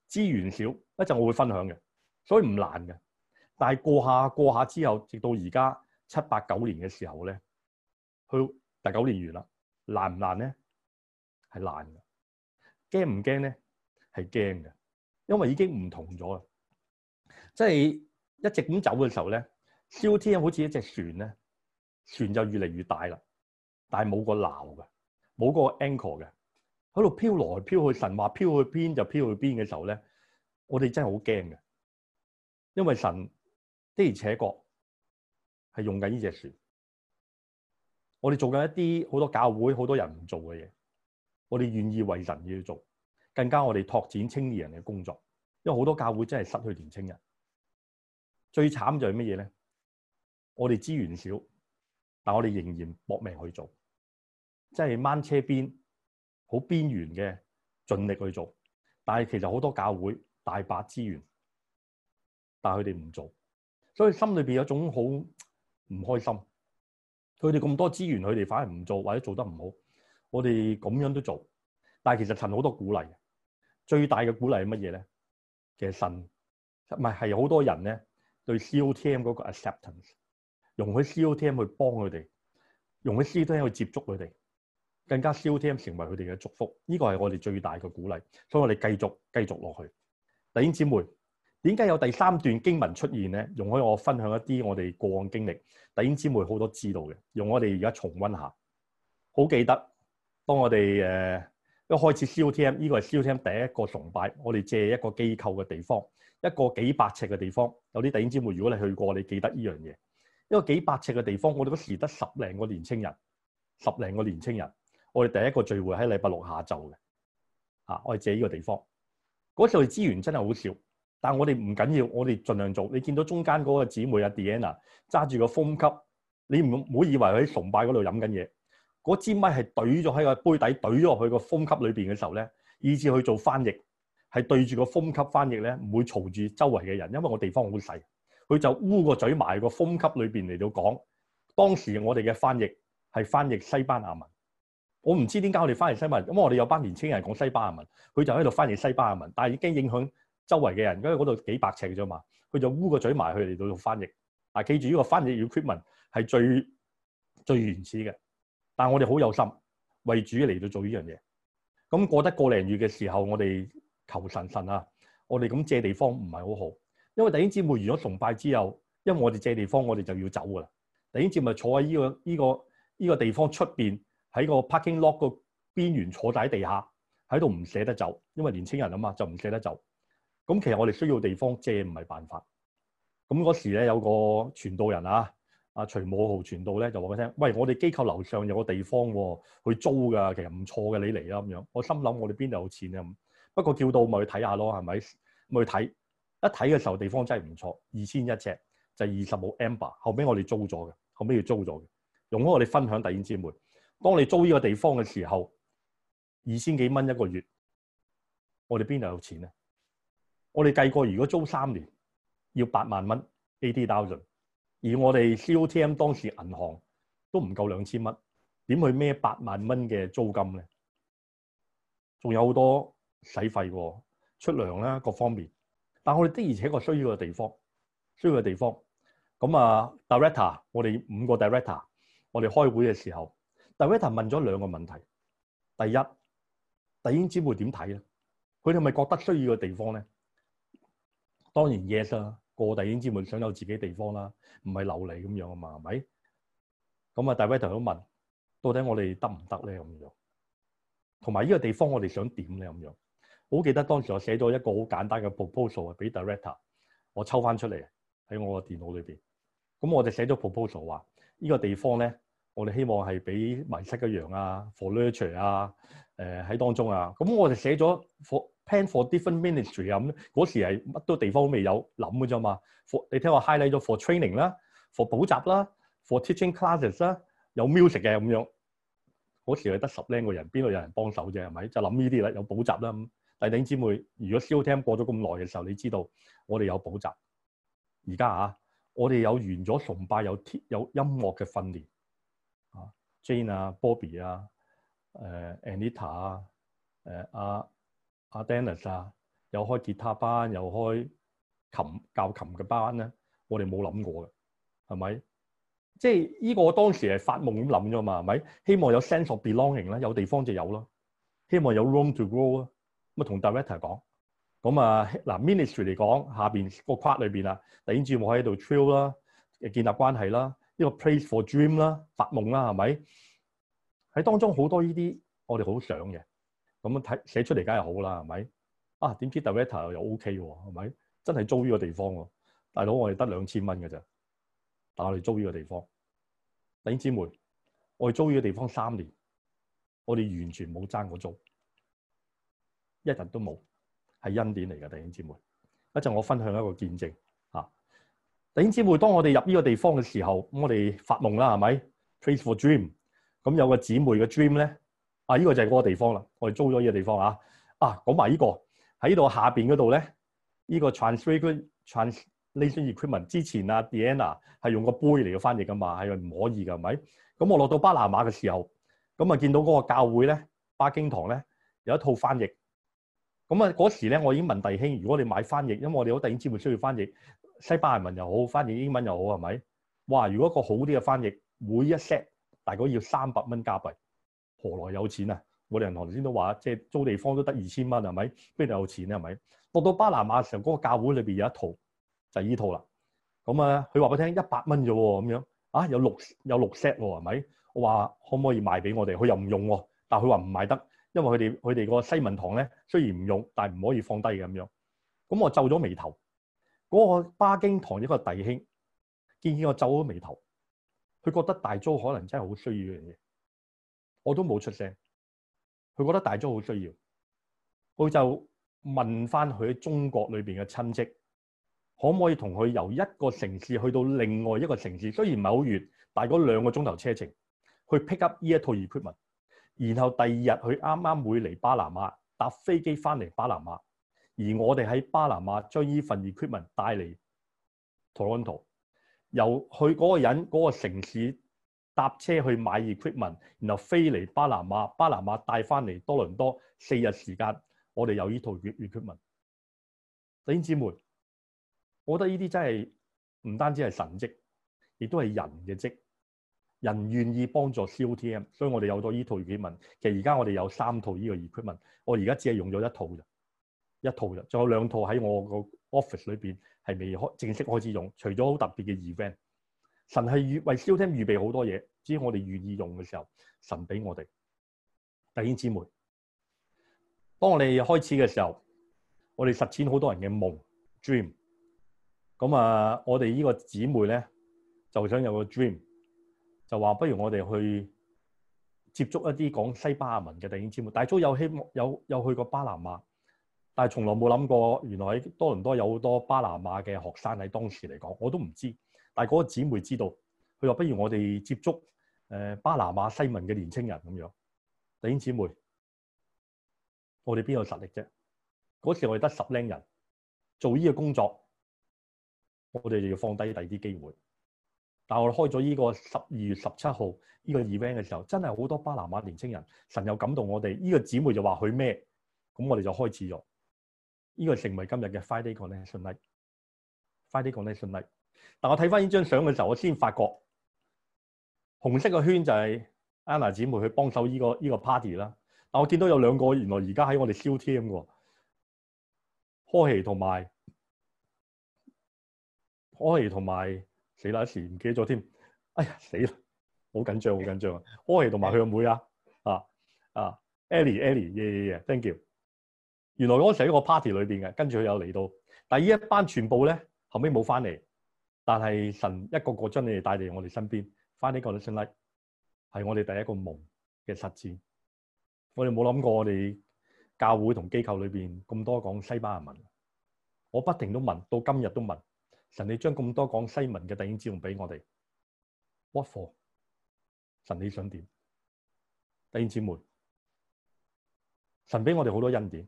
資源少，一陣我會分享嘅，所以唔難嘅。但係過下過下之後，直到而家七八九年嘅時候咧，去第九年完啦，難唔難咧？係難嘅，驚唔驚咧？係驚嘅，因為已經唔同咗啦。即係一直咁走嘅時候咧，COTM 好似一隻船咧，船就越嚟越大啦，但係冇個鬧嘅。冇個 anchor 嘅，喺度飄來飄去，神話飄去邊就飄去邊嘅時候咧，我哋真係好驚嘅，因為神的而且確係用緊呢隻船，我哋做緊一啲好多教會好多人唔做嘅嘢，我哋願意為神要做，更加我哋拓展青年人嘅工作，因為好多教會真係失去年青人，最慘就係乜嘢咧？我哋資源少，但我哋仍然搏命去做。即係掹車邊，好邊緣嘅，盡力去做。但係其實好多教會大把資源，但係佢哋唔做，所以心裏邊有一種好唔開心。佢哋咁多資源，佢哋反而唔做或者做得唔好。我哋咁樣都做，但係其實神好多鼓勵。最大嘅鼓勵係乜嘢咧？其實神唔係係好多人咧對 COTM 嗰個 acceptance，容許 COTM 去幫佢哋，容許 COTM 去接觸佢哋。更加燒 T.M. 成為佢哋嘅祝福，呢個係我哋最大嘅鼓勵，所以我哋繼續繼續落去。弟兄姊妹，點解有第三段經文出現咧？容許我分享一啲我哋過往經歷。弟兄姊妹好多知道嘅，用我哋而家重溫下。好記得，當我哋誒、呃、一開始燒 T.M. 呢個係燒 T.M. 第一個崇拜，我哋借一個機構嘅地方，一個幾百尺嘅地方。有啲弟兄姊妹，如果你去過，你記得依樣嘢。一個幾百尺嘅地方，我哋嗰時得十零個年青人，十零個年青人。我哋第一個聚會喺禮拜六下晝嘅，啊，我哋借呢個地方。嗰時候資源真係好少，但係我哋唔緊要，我哋盡量做。你見到中間嗰個姊妹阿 Diana 揸住個風級，你唔好以為佢喺崇拜嗰度飲緊嘢。嗰支咪係懟咗喺個杯底，懟咗去個風級裏邊嘅時候咧，以至佢做翻譯，係對住個風級翻譯咧，唔會嘈住周圍嘅人，因為我地方好細，佢就烏個嘴埋個風級裏邊嚟到講。當時我哋嘅翻譯係翻譯西班牙文。我唔知點解我哋翻譯西文，咁我哋有班年青人講西班牙文，佢就喺度翻譯西班牙文，但係已經影響周圍嘅人，因為嗰度幾百尺嘅啫嘛，佢就污個嘴埋去嚟到度翻譯。嗱，記住呢個翻譯要缺文係最最原始嘅，但係我哋好有心為主嚟到做呢樣嘢。咁過得個零月嘅時候，我哋求神神啊，我哋咁借地方唔係好好，因為弟兄姊妹完咗崇拜之後，因為我哋借地方，我哋就要走噶啦。弟兄姊妹坐喺呢個呢個呢個地方出邊。喺個 parking lot 個邊緣坐低喺地下，喺度唔捨得走，因為年輕人啊嘛，就唔捨得走。咁其實我哋需要地方借唔係辦法。咁嗰時咧有個傳道人啊，阿徐武豪傳道咧就話畀我聽，喂，我哋機構樓上有個地方喎，去租㗎，其實唔錯嘅。你嚟啦咁樣。我心諗我哋邊度有錢啊？不過叫到咪去睇下咯，係咪？咪去睇一睇嘅時候，地方真係唔錯，二千一尺就二十冇 amber。後尾我哋租咗嘅，後尾要租咗嘅，用咗我哋分享第二姊妹。當你租呢個地方嘅時候，二千幾蚊一個月，我哋邊度有錢咧？我哋計過，如果租三年要八萬蚊 （eighty thousand），而我哋 COTM 當時銀行都唔夠兩千蚊，點去孭八萬蚊嘅租金咧？仲有好多使費、啊，出糧啦、啊、各方面。但我哋的而且確一個需要嘅地方，需要嘅地方。咁啊，director，我哋五個 director，我哋開會嘅時候。Director 問咗兩個問題：第一，地影之門點睇咧？佢哋係咪覺得需要嘅地方咧？當然 yes 啦，個地影之門想有自己地方啦，唔係留你咁樣啊嘛，係咪？咁啊，Director 都問到底我哋得唔得咧？咁樣同埋呢個地方我哋想點咧？咁樣我好記得當時我寫咗一個好簡單嘅 proposal 俾 Director，我抽翻出嚟喺我個電腦裏邊。咁我就寫咗 proposal 話：呢個地方咧。我哋希望係俾迷失嘅羊啊，for literature 啊，誒喺、呃、當中啊，咁我哋寫咗 for plan for different ministry 啊，咁嗰時係乜都地方未有諗嘅啫嘛。for 你聽我 highlight 咗 for training 啦，for 補習啦，for teaching classes 啦，有 music 嘅咁樣。嗰時係得十零個人，邊度有人幫手啫？係咪？就諗呢啲啦，有補習啦。弟兄姊妹，如果 showtime 過咗咁耐嘅時候，你知道我哋有補習。而家啊，我哋有完咗崇拜，有有音樂嘅訓練。Jane 啊、Bobby 啊、誒、uh, Anita 啊、誒阿阿 Dennis 啊，有開吉他班，又開琴教琴嘅班咧，我哋冇諗過嘅，係咪？即係依、這個我當時係發夢咁諗咗嘛，係咪？希望有 sense of belonging 啦，有地方就有咯。希望有 room to grow 啊，咁啊同 director 講。咁啊嗱，ministry 嚟講，下邊個框裏邊啊，第二節我喺度 trill 啦，建立關係啦。呢個 place for dream 啦，發夢啦，係咪？喺當中好多呢啲我哋好想嘅，咁睇寫出嚟梗係好啦，係咪？啊，點知 developer 又 OK 喎，係咪？真係租呢個地方喎，大佬我哋得兩千蚊㗎咋，但係我哋租呢個地方，弟兄姊妹，我哋租呢個地方三年，我哋完全冇爭過租，一日都冇，係恩典嚟嘅，弟兄姊妹。一陣我分享一個見證。弟兄姊妹，當我哋入呢個地方嘅時候，咁我哋發夢啦，係咪？Trace for dream，咁有個姊妹嘅 dream 咧，啊這個，啊，呢，這個就係嗰個地方啦。我哋租咗呢個地方啊。啊，講埋呢個喺呢度下邊嗰度咧，呢個 translation equipment 之前啊，Diana 係用個杯嚟嘅翻譯㗎嘛，係唔可以㗎，係咪？咁我落到巴拿馬嘅時候，咁啊見到嗰個教會咧，巴京堂咧有一套翻譯。咁啊嗰時咧，我已經問弟兄，如果你買翻譯，因為我哋好弟兄姊妹需要翻譯。西班牙文又好，翻譯英文又好，係咪？哇！如果一個好啲嘅翻譯，每一 set 大概要三百蚊加幣，何來有錢啊？我哋銀行頭先都話，即係租地方都得二千蚊，係咪？邊度有錢啊？係咪？落到巴拿馬嘅時候，嗰個教會裏邊有一套，就係依套啦。咁啊，佢話俾我聽，一百蚊啫喎，咁樣啊，有六有六 set 喎，係咪？我話可唔可以賣俾我哋？佢又唔用喎，但係佢話唔賣得，因為佢哋佢哋個西文堂咧，雖然唔用，但係唔可以放低嘅咁樣。咁我皺咗眉頭。嗰個巴京堂一個弟兄見見我皺咗眉頭，佢覺得大租可能真係好需要樣嘢，我都冇出聲。佢覺得大租好需要，佢就問返佢喺中國裏邊嘅親戚，可唔可以同佢由一個城市去到另外一個城市？雖然唔係好遠，但係嗰兩個鐘頭車程，去 pick up 呢一套 equipment，然後第二日佢啱啱會嚟巴拿馬搭飛機返嚟巴拿馬。而我哋喺巴拿馬將呢份 equipment 帶嚟多倫多，由佢嗰個人嗰個城市搭車去買 equipment，然後飛嚟巴拿馬，巴拿馬帶翻嚟多倫多四日時間，我哋有呢套 equipment。弟兄姊妹，我覺得呢啲真係唔單止係神蹟，亦都係人嘅蹟。人願意幫助 COTM，所以我哋有咗呢套 equipment。其實而家我哋有三套呢個 equipment，我而家只係用咗一套啫。一套嘅，仲有兩套喺我個 office 裏邊係未開正式開始用，除咗好特別嘅 event。神係預為燒聽預備好多嘢，只要我哋願意用嘅時候，神俾我哋。弟兄姊妹，當我哋開始嘅時候，我哋實踐好多人嘅夢 dream。咁啊，我哋呢個姊妹咧就想有個 dream，就話不如我哋去接觸一啲講西班牙文嘅弟兄姊妹。大都有希望有有去過巴拿馬。但係，從來冇諗過，原來喺多倫多有好多巴拿馬嘅學生，喺當時嚟講，我都唔知。但係嗰個姊妹知道，佢話不如我哋接觸誒巴拿馬西文嘅年青人咁樣。弟兄姊妹，我哋邊有實力啫？嗰時我哋得十零人做呢個工作，我哋就要放低第二啲機會。但係我哋開咗呢個十二月十七號呢個 event 嘅時候，真係好多巴拿馬年青人，神有感動我哋。呢個姊妹就話佢咩咁，我哋就開始咗。呢個成為今日嘅 Friday Connection night, Friday Connection night。但我睇翻呢張相嘅時候，我先發覺紅色嘅圈就係 Anna 姐妹去幫手呢個 party 啦。但我見到有兩個原來而家喺我哋燒 m 嘅喎，柯奇同埋柯奇同埋，死啦！一時唔記得咗添。哎呀，死啦！好緊張，好緊張啊！柯奇同埋佢個妹啊，啊啊 Ellie，Ellie，yeah, yeah, yeah, thank you。原來嗰時喺一個 party 裏面嘅，跟住佢又嚟到，但係一班全部呢後尾，冇返嚟，但係神一個個將你哋帶嚟我哋身邊，回啲過來順利，係我哋第一個夢嘅實踐。我哋冇諗過我哋教會同機構裏面咁多講西班牙文，我不停都問到今日都問神，你將咁多講西文嘅弟兄姊妹俾我哋，what for？神你想點？弟兄姊妹，神俾我哋好多恩典。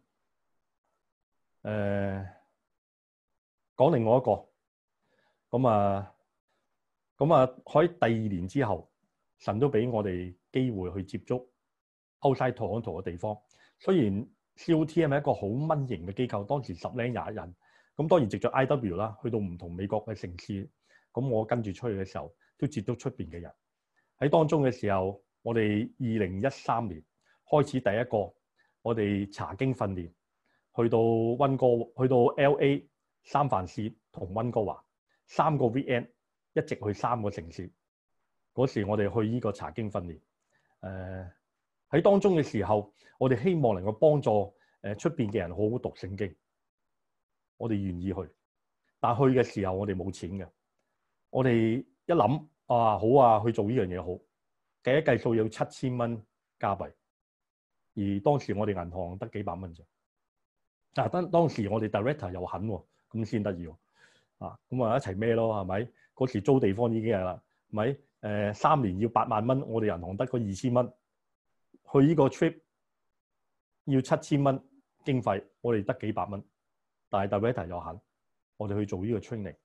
誒、呃、講另外一個咁啊，咁啊喺第二年之後，神都俾我哋機會去接觸 outside 圖案圖嘅地方。雖然 COTM 係一個好蚊型嘅機構，當時十零廿人，咁、嗯、當然藉著 IW 啦，去到唔同美國嘅城市。咁、嗯、我跟住出去嘅時候，都接觸出面嘅人喺當中嘅時候，我哋二零一三年開始第一個我哋查經訓練。去到溫哥，去到 L.A. 三藩市同溫哥華三個 VN 一直去三個城市。嗰時我哋去呢個查經訓練，誒、呃、喺當中嘅時候，我哋希望能夠幫助誒出面嘅人好好讀聖經。我哋願意去，但去嘅時候我哋冇錢嘅。我哋一諗啊，好啊，去做呢樣嘢好，計一計數要七千蚊加幣，而當時我哋銀行得幾百蚊啫。嗱，當、啊、當時我哋 director 又肯喎，咁先得意喎，啊，咁啊一齊咩咯，係咪？嗰時租地方已經係啦，咪？誒、呃、三年要八萬蚊，我哋銀行得嗰二千蚊，去呢個 trip 要七千蚊經費，我哋得幾百蚊。但係 director 又肯，我哋去做呢個 training，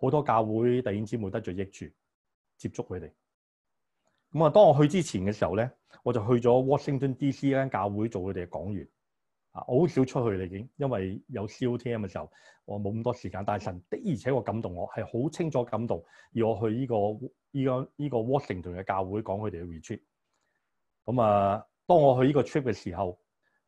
好多教會弟兄姊妹得著益處，接觸佢哋。咁啊，當我去之前嘅時候咧，我就去咗 Washington DC 間教會做佢哋嘅講員。啊！我好少出去啦，已經，因為有 COTM 嘅時候，我冇咁多時間。但係神的，而且我感動我，我係好清楚感動，而我去呢、呢個呢、呢個呢、呢個華盛頓嘅教會講佢哋嘅 retreat。咁啊，當我去呢個 trip 嘅時候，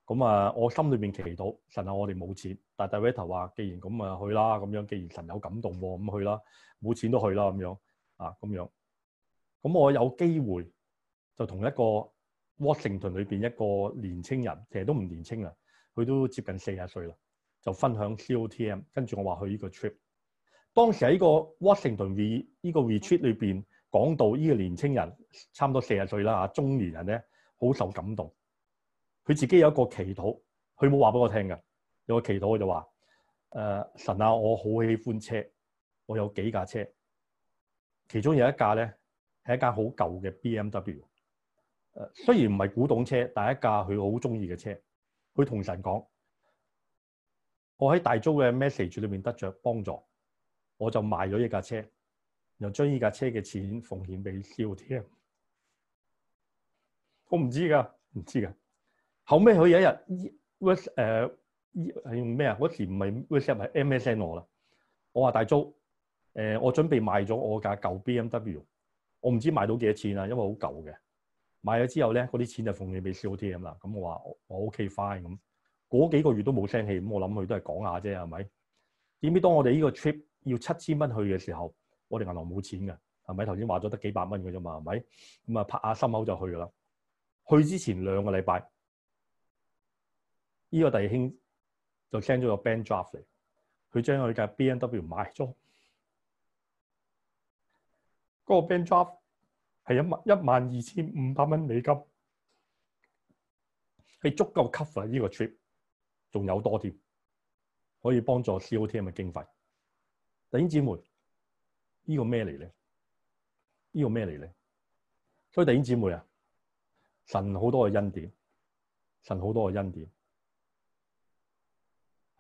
咁啊，我心裏面祈禱，神啊，我哋冇錢。但 David 話，既然咁啊去啦，咁樣既然神有感動喎，咁去啦，冇錢都去啦，咁樣啊，咁樣。咁我有機會就同一個華盛頓裏邊一個年青人，其實都唔年青啦。佢都接近四十歲啦，就分享 COTM，跟住我話佢呢個 trip。當時喺個 Washington 呢個 retreat 裏面講到呢個年青人，差唔多四十歲啦，中年人咧，好受感動。佢自己有一個祈禱，佢冇話俾我聽㗎。有個祈禱佢就話，呃，神啊，我好喜歡車，我有幾架車，其中有一架咧係一架好舊嘅 BMW。誒，呃，雖然唔係古董車，但係一架佢好中意嘅車。佢同神講：我喺大租嘅 message 裏面得着幫助，我就賣咗一架車，又將呢架車嘅錢奉獻俾少天。呃、不我唔知噶，唔知噶。後尾佢有一日 WhatsApp 誒係用咩啊？嗰時唔係 WhatsApp 係 MSN 我啦。我話大租誒、呃，我準備賣咗我架舊 BMW，我唔知賣到幾多錢啊，因為好舊嘅。買咗之後咧，嗰啲錢就奉獻俾 COTM 咁啦。咁我話我 OK fine 咁，嗰幾個月都冇聲氣。咁我諗佢都係講下啫，係咪？點知當我哋呢個 trip 要七千蚊去嘅時候，我哋銀行冇錢㗎，係咪？頭先話咗得幾百蚊㗎啫嘛，係咪？咁啊拍下心口就去㗎啦。去之前兩個禮拜，呢、呢個弟兄就 send 咗個 band draft 嚟，佢將佢架 BMW 買咗、嗰個 band draft。係一萬一萬二千五百蚊美金，係足夠 cover 呢個 trip，仲有多添，可以幫助 COTM 嘅經費。弟兄姊妹，呢個咩嚟咧？呢個咩嚟呢？所以弟兄姊妹啊，神好多嘅恩典，神好多嘅恩典。誒、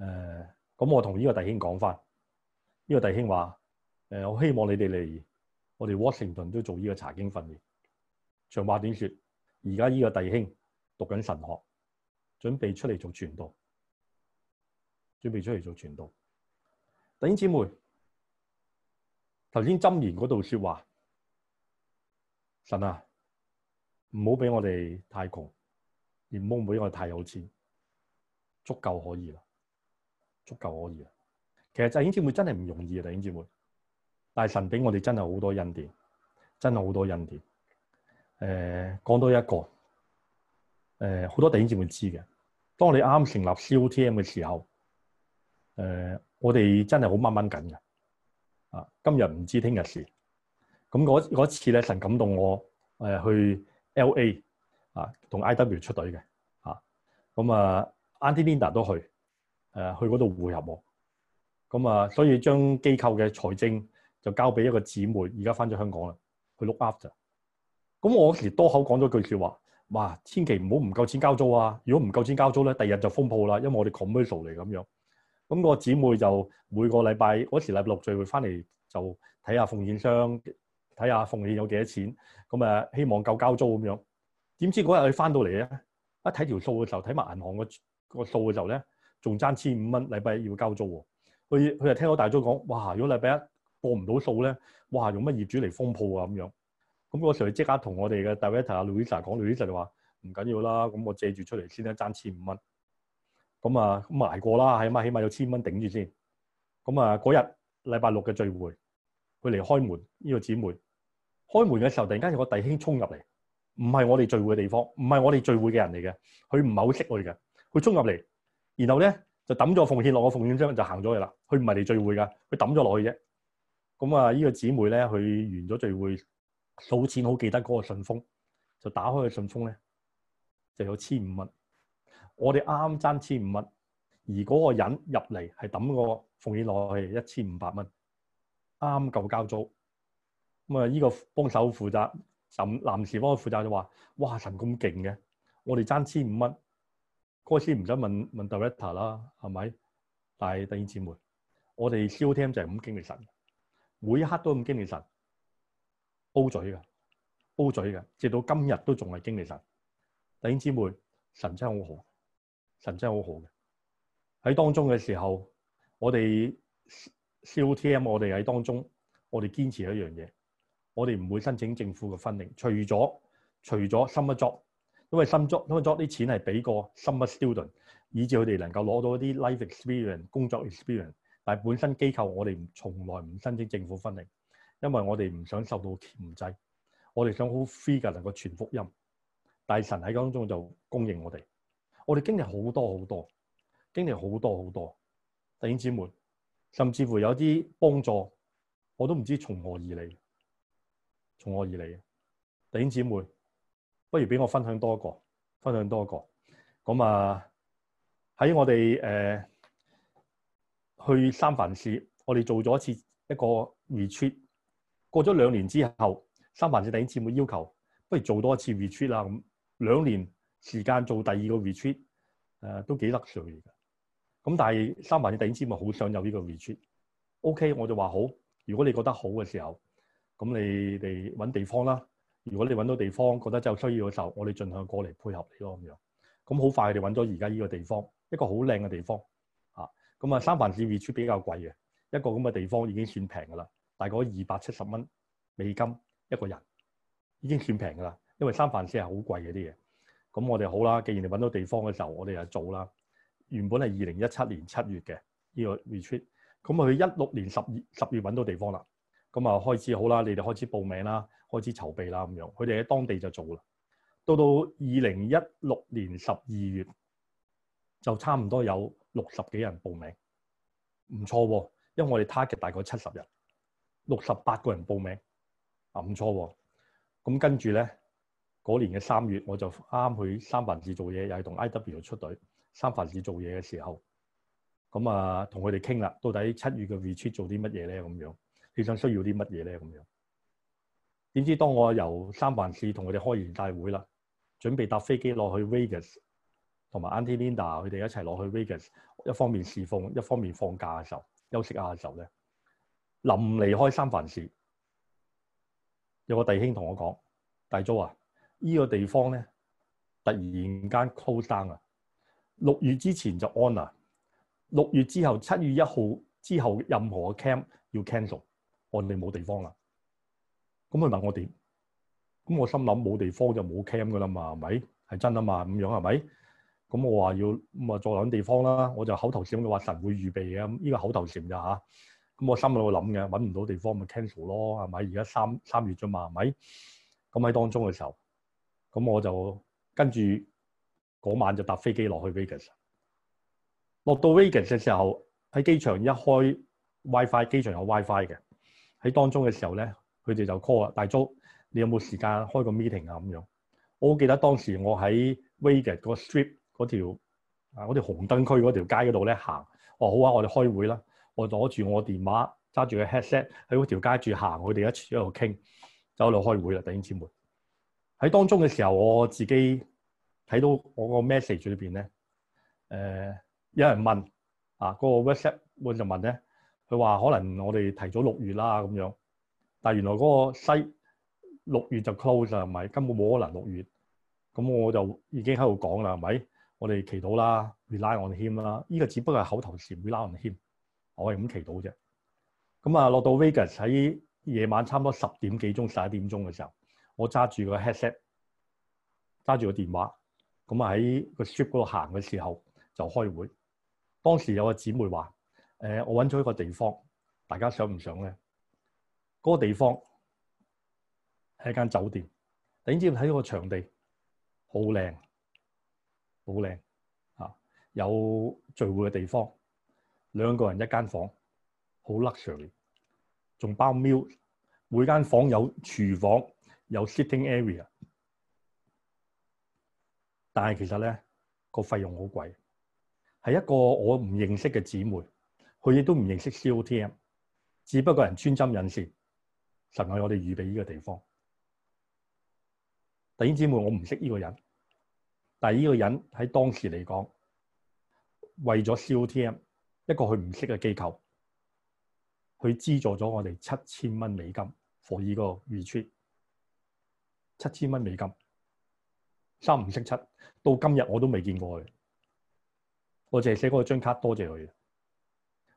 呃，我同呢個弟兄講翻，呢、這個弟兄話、呃，我希望你哋嚟。我哋華盛頓都做呢個查經訓練。長話短說，而家呢個弟兄讀緊神學，準備出嚟做傳道，準備出嚟做傳道。弟兄姐妹，頭先箴言嗰句說話，神啊，唔好俾我哋太窮，亦唔好俾我們太有錢，足夠可以啦，足夠可以啊。其實弟兄姐妹真係唔容易啊，弟兄姐妹。但是神俾我哋真係好多恩典，真係好多恩典。誒、呃，講多一個，誒、呃，好多弟兄姊妹知嘅。當你啱成立 COTM 嘅時候，誒、呃，我哋真係好掹掹緊嘅。啊，今日唔知聽日事。咁嗰次神感動我、啊、去 L.A. 啊，同 I.W. 出隊嘅。啊，咁啊，Aunty Linda 都去，誒、啊，去嗰度匯合我。咁啊，所以將機構嘅財政，就交俾一個姊妹，而家翻咗香港啦，去 look up 咋咁？我嗰時多口講咗句説話，哇！千祈唔好唔夠錢交租啊！如果唔夠錢交租咧，第二日就封鋪啦，因為我哋 contract 嚟咁樣。咁個姊妹就每個禮拜嗰時禮拜六聚會翻嚟，就睇下奉獻商，睇下奉獻有幾多錢咁誒，希望夠交租咁樣。點知嗰日佢翻到嚟咧，一睇條數嘅時候，睇埋銀行個個數嘅時候咧，仲爭千五蚊禮拜要交租喎。佢佢就聽到大租講，哇！如果禮拜一過唔到數咧，哇！用乜業主嚟封鋪啊？咁樣，咁嗰時候即刻同我哋嘅 director 阿 Louisa 講 Louisa 就話唔緊要啦，咁我借住出嚟先啦，爭千五蚊，咁啊，咁挨過啦，起碼起碼有千蚊頂住先。咁啊，嗰日禮拜六嘅聚會，佢嚟開門呢個姊妹，開門嘅時候突然間有個弟兄衝入嚟，唔係我哋聚會嘅地方，唔係我哋聚會嘅人嚟嘅，佢唔係好識我哋嘅，佢衝入嚟，然後咧就抌咗奉獻落個奉獻箱就行咗去啦。佢唔係嚟聚會噶，佢抌咗落去啫。咁啊！呢個姊妹咧，佢完咗聚會數錢，好記得嗰個信封，就打開個信封咧，就有千五蚊。我哋啱啱爭千五蚊，而嗰個人入嚟係抌個奉獻落去一千五百蚊，啱夠交租。咁啊，呢個幫手負責男士幫佢負責就話：哇！神咁勁嘅，我哋爭千五蚊，哥先唔使問問 director 啦，係咪？但係弟兄姊妹，我哋 COTM 就係咁經歷神。每一刻都咁經歷神，O 嘴嘅，O 嘴嘅，直到今日都仲係經歷神。弟兄姊妹，神真係好，好，神真係好好嘅。喺當中嘅時候，我哋 COTM，我哋喺當中，我哋堅持一樣嘢，我哋唔會申請政府嘅分領，除咗除咗 summer job，因為 summer job，summer job 啲錢係俾個 summer student，以至佢哋能夠攞到一啲 life experience、工作 experience。但係本身機構，我哋從來唔申請政府分領，因為我哋唔想受到鉗制，我哋想好 free 㗎能夠傳福音。但神喺當中就供應我哋，我哋經歷好多好多，經歷好多好多，弟兄姊妹，甚至乎有啲幫助，我都唔知從何而嚟，從何而嚟。弟兄姊妹，不如俾我分享多一個，分享多一個。咁啊，喺我哋誒。呃去三藩市，我哋做咗一次一個 retreat。過咗兩年之後，三藩市電影節會要求，不如做多一次 retreat 啦。咁兩年時間做第二個 retreat，都幾得水嘅。咁但係三藩市電影節咪好想有呢個 retreat。OK，我就話好，如果你覺得好嘅時候，咁你哋揾地方啦。如果你揾到地方，覺得真有需要嘅時候，我哋盡量過嚟配合你咯咁樣。咁好快，你哋揾咗而家呢個地方，一個好靚嘅地方。咁啊，三藩市 retreat 比較貴嘅，一個咁嘅地方已經算平噶啦，大概二百七十蚊美金一個人，已經算平噶啦。因為三藩市係好貴嘅啲嘢。咁我哋好啦，既然你揾到地方嘅時候，我哋就做啦。原本係二零一七年七月嘅呢個 retreat。咁啊，佢一六年十月十月揾到地方啦。咁啊，開始好啦，你哋開始報名啦，開始籌備啦咁樣。佢哋喺當地就做啦。到到二零一六年十二月就差唔多有，六十幾人報名，唔錯喎，因為我哋 target 大概七十人，六十八個人報名，啊唔錯喎。咁跟住咧，嗰年嘅三月我就啱去三藩市做嘢，又係同 IW 出隊。三藩市做嘢嘅時候，咁啊同佢哋傾啦，到底七月嘅 retreat 做啲乜嘢咧？咁樣你想需要啲乜嘢咧？咁樣點知當我由三藩市同佢哋開完大會啦，準備搭飛機落去 Vegas。同埋 Auntie Linda 佢哋一齊落去 Vegas 一方面侍奉，一方面放假嘅時候休息下嘅時候咧，臨離開三藩市，有個弟兄同我講：大租啊，依個地方咧，突然間 close down 啊，六月之前就安啦，六月之後七月一號之後任何嘅 camp 要 cancel，按你冇地方啦。咁佢問我點？咁我心諗冇地方就冇 camp 噶啦嘛，係咪？係真啊嘛，咁樣係咪？是咁我話要咁啊，再揾地方啦。我就口頭禪嘅話，神會預備嘅。咁依個口頭禪啫吓？咁我心喺度諗嘅，揾唔到地方咪 cancel 咯，係咪？而家三三月啫嘛，係咪？咁喺當中嘅時候，咁我就跟住嗰晚就搭飛機落去 Vegas。落到 Vegas 嘅時候，喺機場一開 WiFi，機場有 WiFi 嘅。喺當中嘅時候咧，佢哋就 call 大租，你有冇時間開個 meeting 啊？咁樣我好記得當時我喺 Vegas 個 Strip 嗰條啊，嗰條紅燈區嗰條街嗰度咧行，哦，好啊，我哋開會啦。我攞住我電話，揸住個 headset 喺嗰條街住行，我哋一我一路傾，走喺度開會啦，突然姊妹。喺當中嘅時候，我自己睇到我個 message 裏面咧，誒、呃、有人問啊，嗰個 WhatsApp 我就問咧，佢話可能我哋提早六月啦咁樣，但係原來嗰個西六月就 close 啦，係咪？根本冇可能六月。咁我就已經喺度講啦，係咪？我哋祈禱啦，rely on Him 啦，呢個只不過係口頭禪，rely on Him，我係咁祈禱啫。咁啊，落到 Vegas 喺夜晚差唔多十點幾鐘、十一點鐘嘅時候，我揸住個 headset，揸住個電話，咁啊喺個 ship 嗰度行嘅時候就開會。當時有個姊妹話，呃，我揾咗一個地方，大家想唔想咧？嗰個地方係間酒店，你知唔知睇個場地好靚？好靚啊！有聚會嘅地方，兩個人一間房，好 luxury，仲包 meal。每間房有廚房，有 sitting area。但係其實呢個費用好貴。係一個我唔認識嘅姊妹，佢亦都唔認識 COTM，只不過人穿針引線，尋來我哋預備呢個地方。弟兄姊妹，我唔識呢個人。但係呢個人喺當時嚟講，為咗 COTM 一個佢唔識嘅機構，佢資助咗我哋七千蚊美金，可以個 retreat 七千蚊美金，三唔識七，到今日我都未見過佢，我淨係寫過張卡多謝佢。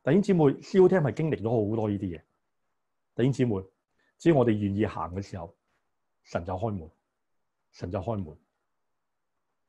弟兄姊妹，COTM 係經歷咗好多呢啲嘢。弟兄姊妹，只要我哋願意行嘅時候，神就開門，神就開門。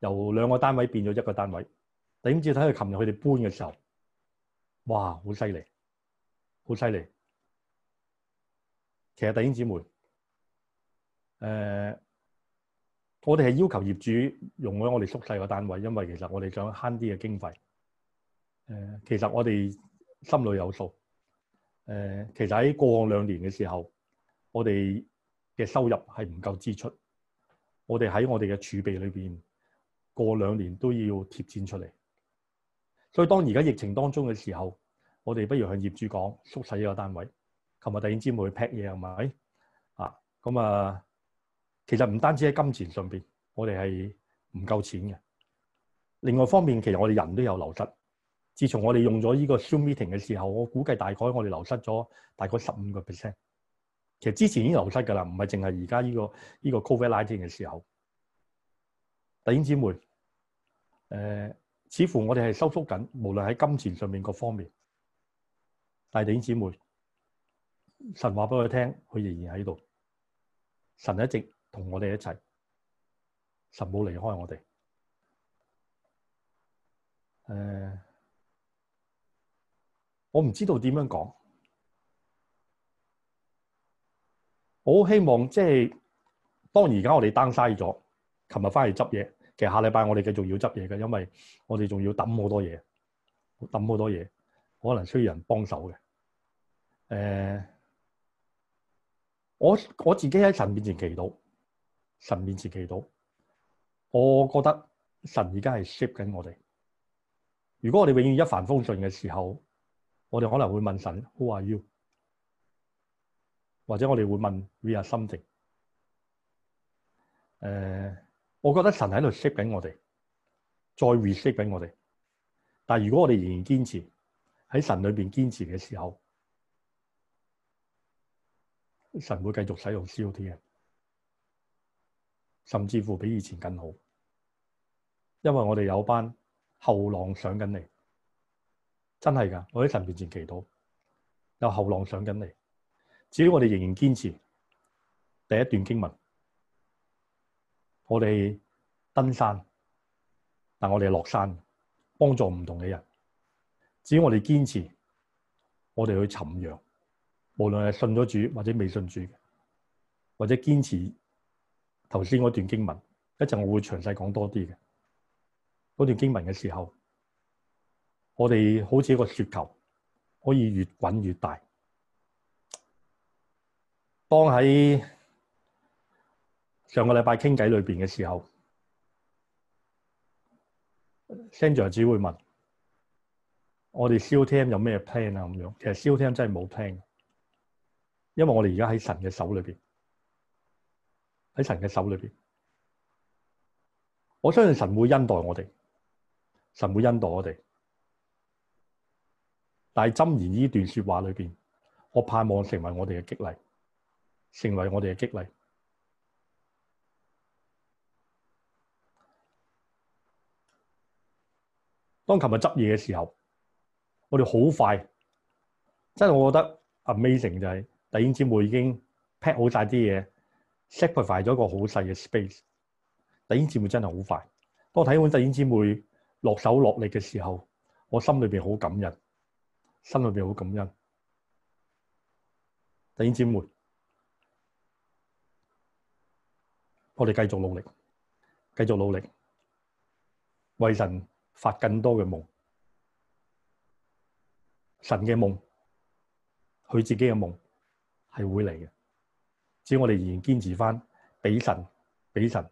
由兩個單位變咗一個單位。弟兄睇佢琴日佢哋搬嘅時候，哇，好犀利，好犀利。其實弟兄姊妹，誒、呃，我哋係要求業主用咗我哋縮細個單位，因為其實我哋想慳啲嘅經費。誒、呃，其實我哋心裏有數。誒、呃，其實喺過兩年嘅時候，我哋嘅收入係唔夠支出，我哋喺我哋嘅儲備裏邊。過兩年都要貼錢出嚟，所以當而家疫情當中嘅時候，我哋不如向業主講縮細一個單位。琴日弟兄姊妹去劈嘢係咪啊？咁、嗯、啊，其實唔單止喺金錢上邊，我哋係唔夠錢嘅。另外方面，其實我哋人都有流失。自從我哋用咗呢個 Zoom meeting 嘅時候，我估計大概我哋流失咗大概十五個 percent。其實之前已經流失㗎啦，唔係淨係而家呢個呢個 COVID lighting 嘅時候。弟兄姊妹。呃，似乎我哋係收縮緊，無論喺金錢上面各方面，但弟兄姊妹，神話俾我聽，佢仍然喺度，神一直同我哋一齊，神冇離開我哋，呃。我唔知道點樣講。我希望即、就、係、是、當而家我哋 down 晒咗，琴日返嚟執嘢。其實下禮拜我哋繼續要執嘢嘅，因為我哋仲要抌好多嘢，抌好多嘢，可能需要人幫手嘅。誒、呃，我我自己喺神面前祈禱，神面前祈禱，我覺得神而家係 shape 緊我哋。如果我哋永遠一帆風順嘅時候，我哋可能會問神 Who are you，或者我哋會問 We are something。誒、呃。我覺得神喺度識緊我哋，再回識緊我哋。但如果我哋仍然堅持喺神裏面堅持嘅時候，神會繼續使用 COT 嘅，甚至乎比以前更好。因為我哋有班後浪上緊嚟，真係㗎，我喺神面前祈禱，有後浪上緊嚟。只要我哋仍然堅持第一段經文。我哋登山，但我哋落山，幫助唔同嘅人。只要我哋堅持，我哋去尋陽，無論係信咗主或者未信主，或者堅持頭先嗰段經文，一陣我會詳細講多啲嘅。嗰段經文嘅時候，我哋好似一個雪球，可以越滾越大。當喺上個禮拜傾偈裏邊嘅時候，Sandra 只會問我哋 COTM 有咩 plan 啊咁樣。其實 COTM 真係冇 plan，因為我哋而家喺神嘅手裏邊，喺神嘅手裏邊。我相信神會恩待我哋，神會恩待我哋。但係箴言呢段説話裏邊，我盼望成為我哋嘅激勵，成為我哋嘅激勵。當琴日執嘢嘅時候，我哋好快，真係我覺得 amazing 就係弟兄姐妹已經 pack 好晒啲嘢，set aside 咗一個好細嘅 space。弟兄姊妹真係好快。當我睇完弟兄姐妹落手落力嘅時候，我心裏邊好感人心裏邊好感恩。弟兄姐妹，我哋繼續努力，繼續努力，為神。發更多嘅夢，神嘅夢，佢自己嘅夢係會嚟嘅，只要我哋仍然堅持返，俾神，俾神。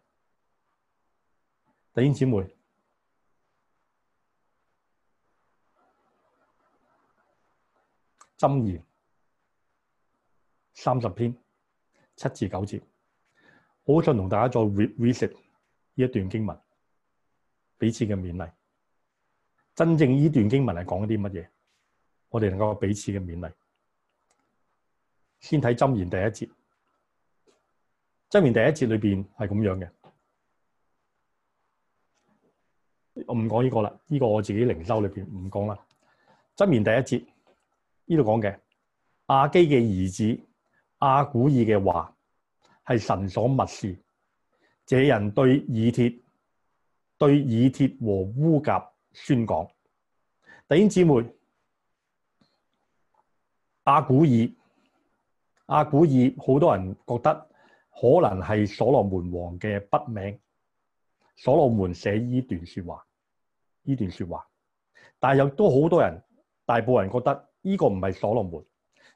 弟兄姊妹，箴言三十篇七至九節，我好想同大家再 revisit 呢一段經文，彼此嘅勉勵。真正呢段經文係講啲乜嘢？我哋能夠彼此嘅勉勵，先睇箴言第一節。箴言第一節裏面係咁樣嘅，我唔講呢個了呢、這個我自己靈修裏面唔講了箴言第一節，呢度講嘅阿基嘅兒子阿古爾嘅話係神所默示，這人對以鐵、對以鐵和烏甲。宣講弟兄姊妹，阿古爾阿古爾，好多人覺得可能係所羅門王嘅筆名，所羅門寫依段説話依段説話，但係又都好多人，大部分人覺得依個唔係所羅門，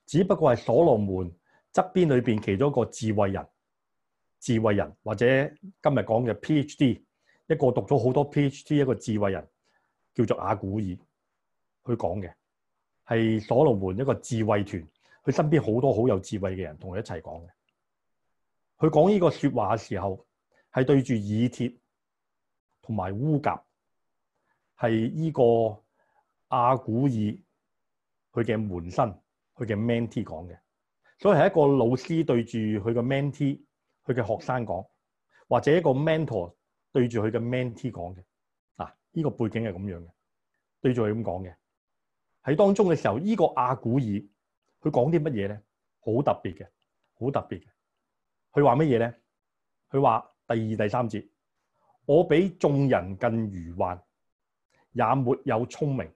只不過係所羅門側邊裏邊其中一個智慧人智慧人或者今日講嘅 PhD 一個讀咗好多 PhD 一個智慧人。叫做阿古爾佢講嘅，係所羅門一個智慧團，佢身邊好多好有智慧嘅人同佢一齊講嘅。佢講呢個説話嘅時候，係對住以鐵同埋烏甲，係呢個阿古爾佢嘅門生，佢嘅 mentee 講、e、嘅。所以係一個老師對住佢嘅 mentee，佢嘅學生講，或者一個 mentor 對住佢嘅 mentee 講嘅。呢個背景係咁樣嘅，對住佢咁講嘅。喺當中嘅時候，呢個阿古爾佢講啲乜嘢咧？好特別嘅，好特別嘅。佢話乜嘢咧？佢話第二第三節，我比眾人更愚幻，也沒有聰明，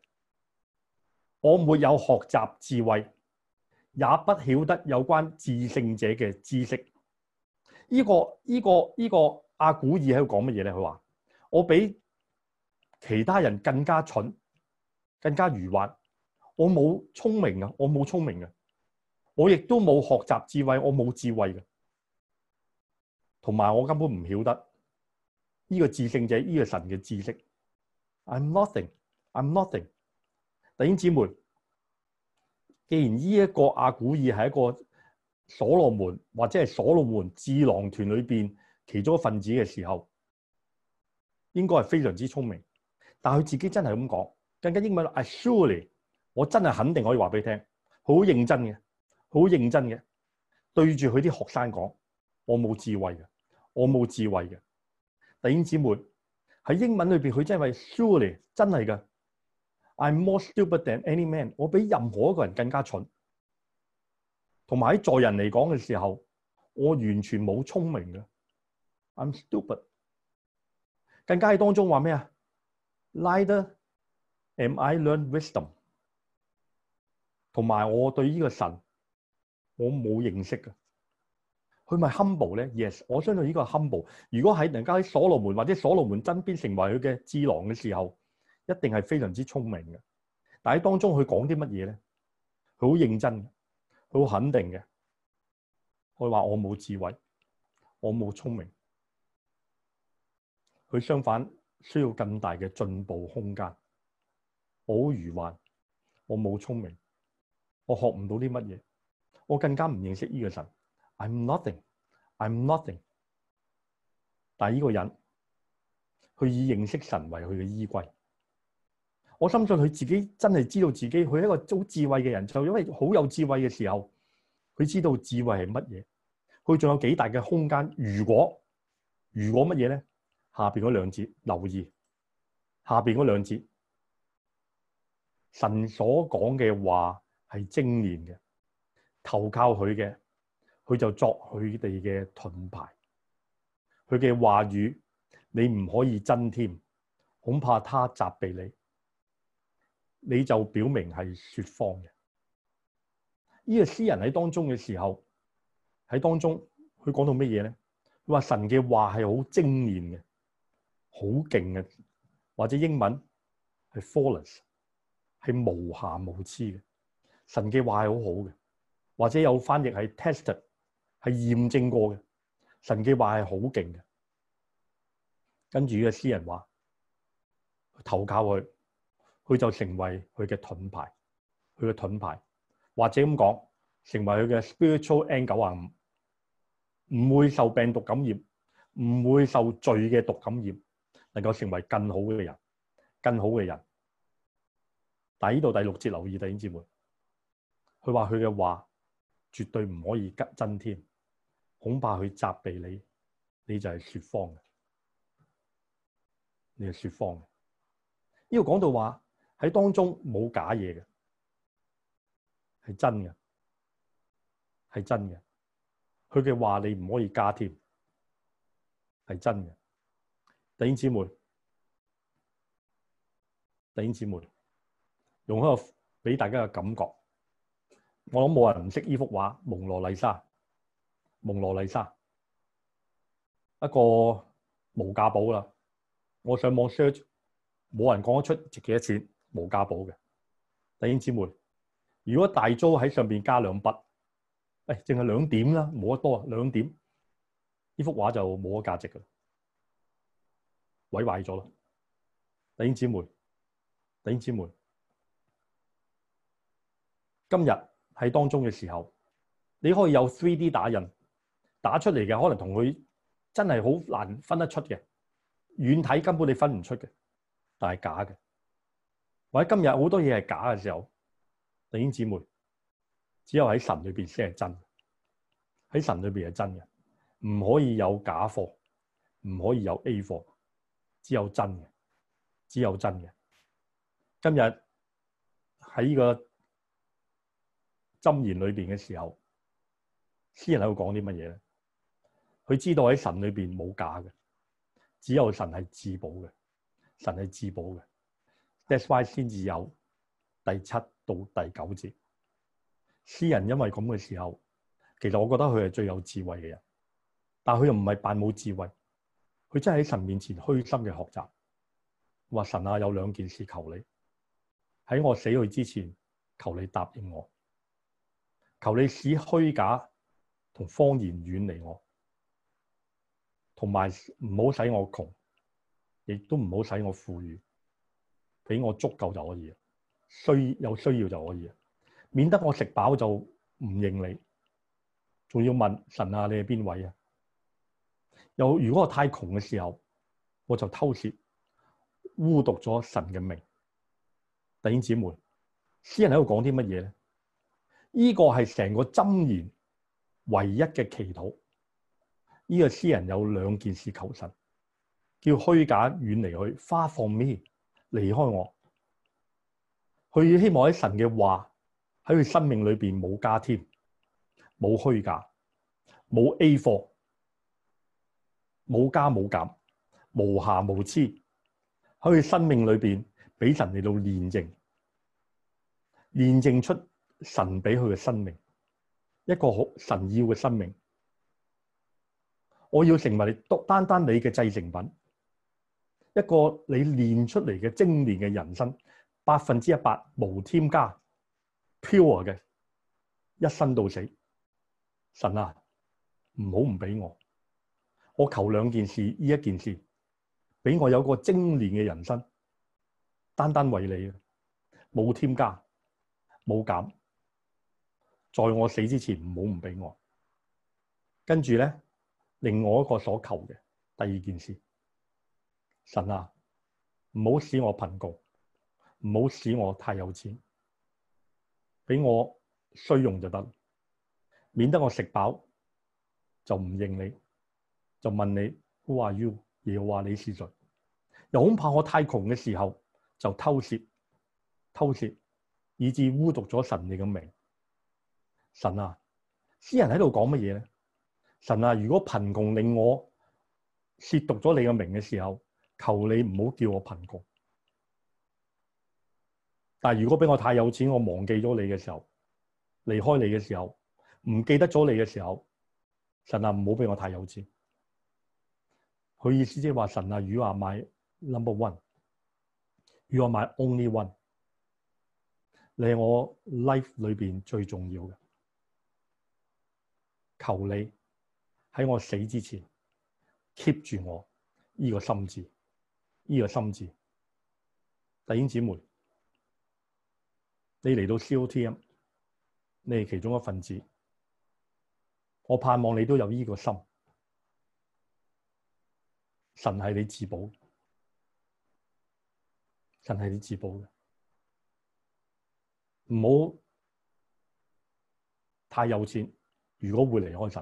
我沒有學習智慧，也不曉得有關至聖者嘅知識。呢個呢個呢個阿古爾喺度講乜嘢咧？佢話我比其他人更加蠢，更加愚惑，我冇聰明啊，我冇聰明嘅，我亦都冇學習智慧，我冇智慧嘅，同埋我根本唔曉得呢個至聖者就係呢個神嘅知識。I'm nothing, I'm nothing。弟兄姊妹，既然呢一個阿古爾係一個所羅門或者係所羅門智囊團裏邊其中一份子嘅時候，應該係非常之聰明的。但佢自己真係咁講，更加英文咯。I surely，我真係肯定可以話俾你聽，好認真嘅，好認真嘅，對住佢啲學生講，我冇智慧嘅，我冇智慧嘅。弟兄姊妹喺英文裏面，佢真係話 surely 真係嘅。I'm more stupid than any man，我比任何一個人更加蠢。同埋喺助人嚟講嘅時候，我完全冇聰明嘅。I'm stupid。更加喺當中話咩啊？Neither am I learn wisdom。同埋我對呢個神，我冇認識嘅。佢咪 humble 咧？Yes，我相信呢個 humble。如果喺人家喺所羅門或者所羅門身邊成為佢嘅智囊嘅時候，一定係非常之聰明嘅。但喺當中佢講啲乜嘢咧？佢好認真，佢好肯定嘅。佢話：我冇智慧，我冇聰明。佢相反。需要更大嘅進步空間。我好愚幻，我冇聰明，我學唔到啲乜嘢，我更加唔認識呢個神。I'm nothing, I'm nothing。但呢個人，佢以認識神為佢嘅依歸。我深信佢自己真係知道自己，佢係一個好智慧嘅人。就因為好有智慧嘅時候，佢知道智慧係乜嘢，佢仲有幾大嘅空間。如果如果乜嘢咧？下邊嗰兩節留意，下邊嗰兩節，神所講嘅話係精煉嘅，投靠佢嘅，佢就作佢哋嘅盾牌。佢嘅話語你唔可以增添，恐怕他責備你，你就表明係說謊嘅。呢個詩人喺當中嘅時候，喺當中佢講到乜嘢咧？佢話神嘅話係好精煉嘅。好勁嘅，或者英文係 flawless 係無瑕無疵嘅。神嘅話係好好嘅，或者有翻譯係 tested，係驗證過嘅。神嘅話係好勁嘅。跟住個詩人話，投靠佢，佢就成為佢嘅盾牌，佢嘅盾牌，或者咁講，成為佢嘅 spiritual N 九五，唔會受病毒感染，唔會受罪嘅毒感染。能夠成為更好嘅人，更好嘅人。但係呢度第六節留意，弟兄姊妹，佢話佢嘅話絕對唔可以加增添，恐怕佢責備你，你就係說謊嘅，你係說謊嘅。呢個講到話喺當中冇假嘢，嘅係真嘅，係真嘅。佢嘅話你唔可以加添，係真嘅。弟兄姊妹，弟兄姊妹，用一個俾大家嘅感覺，我諗冇人唔識依幅畫，蒙羅麗莎，蒙羅麗莎，一個無價寶啦。我上網 search，冇人講得出值幾多錢，無價寶嘅。弟兄姊妹，如果大租喺上面加兩筆，誒、哎，淨係兩點啦，冇得多，兩點，依幅畫就冇乜價值了。毀壞咗咯！弟兄姊妹，弟兄姊妹，今日喺當中嘅時候，你可以有 3D 打印，打出嚟嘅可能同佢真係好難分得出嘅，遠睇根本你分唔出嘅，但係假嘅。或者今日好多嘢係假嘅時候，弟兄姊妹，只有喺神裏邊先係真，喺神裏邊係真嘅，唔可以有假貨，唔可以有 A 貨。只有真嘅，只有真嘅。今日喺呢個箴言裏面嘅時候，詩人喺度講啲乜嘢咧？佢知道喺神裡面沒冇假嘅，只有神係自保嘅，神係自保嘅。That's why 先至有第七到第九節。詩人因為這咁嘅時候，其實我覺得佢係最有智慧嘅人，但佢又唔係扮冇智慧。佢真係喺神面前虛心嘅學習，話神啊，有兩件事求你喺我死去之前，求你答應我，求你使虛假同謊言遠離我，同埋唔好使我窮，亦都唔好使我富裕，俾我足夠就可以，需有需要就可以，免得我食飽就唔認你，仲要問神啊，你係邊位啊？有如果我太窮的時候，我就偷竊，污瀆了神的命，弟兄姊妹，詩人在度講什麼呢？這個是整個箴言唯一的祈禱。這個詩人有兩件事求神，叫虛假遠離佢花放 r 離開我。佢希望在神的話，在他生命裏面邊冇加添，冇虛假，沒有 A 貨。冇加冇減，無瑕無疵，喺佢生命裏邊俾神嚟到煉淨，煉淨出神俾佢嘅生命，一個好神要嘅生命。我要成為你獨單單你嘅製成品，一個你練出嚟嘅精煉嘅人生，百分之一百無添加 pure 嘅，一生到死。神啊，唔好唔俾我。我求兩件事，依一件事俾我有個精煉嘅人生，單單為你沒冇添加，冇減，在我死之前唔好唔俾我。跟住呢，另外一個所求嘅第二件事，神啊，唔好使我貧窮，唔好使我太有錢，俾我需用就得，免得我食飽就唔認你。就問你 Who are you？而又話你是誰？又恐怕我太窮嘅時候就偷竊、偷竊，以致污瀆咗神你嘅名。神啊，詩人喺度講乜嘢咧？神啊，如果貧窮令我褻瀆咗你嘅名嘅時候，求你唔好叫我貧窮。但係如果俾我太有錢，我忘記咗你嘅時候，離開你嘅時候，唔記得咗你嘅時候，神啊，唔好俾我太有錢。佢意思即係話神啊，如話買 number one，如話買 only one，你係我 life 裏面最重要嘅。求你喺我死之前 keep 住我呢個心志，呢、這個心志。弟兄姊妹，你嚟到 COTM，你係其中一份子，我盼望你都有呢個心。神係你至寶的，神係你至寶嘅，唔好太有錢，如果會離開神；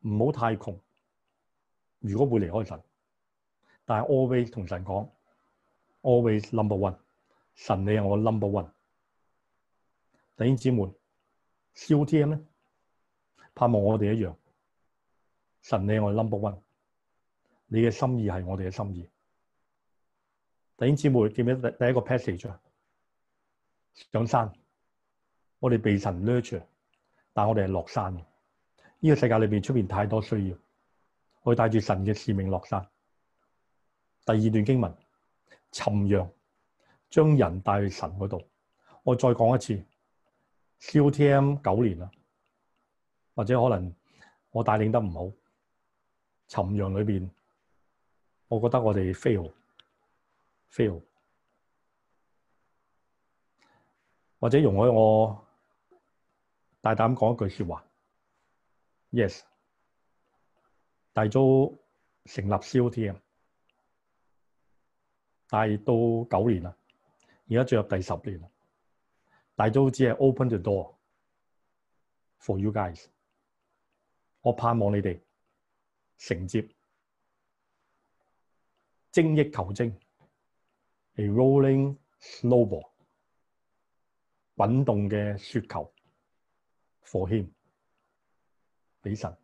唔好太窮，如果會離開神。但係 always 同神講，always number one，神你係我 number one。弟兄姊妹，COTM 咧，盼望我哋一樣，神你係我 number one。你嘅心意是我哋嘅心意。弟兄姊妹，記唔記得第一個 passage 啊？上山，我哋被神 lead 住但我哋是落山。這呢個世界裏面出面太多需要，我們帶住神嘅使命落山。第二段經文，沉揚將人帶去神嗰度。我再講一次，COTM 九年啦，或者可能我帶領得唔好，沉揚裏面。」我覺得我哋 fail，fail，或者容許我大膽講一句說話，yes，大租成立 COTM，但係到九年喇，而家進入第十年喇，大租只係 open the door for you guys，我盼望你哋承接。精益求精，a rolling snowball 滾動嘅雪球。for Him，俾神，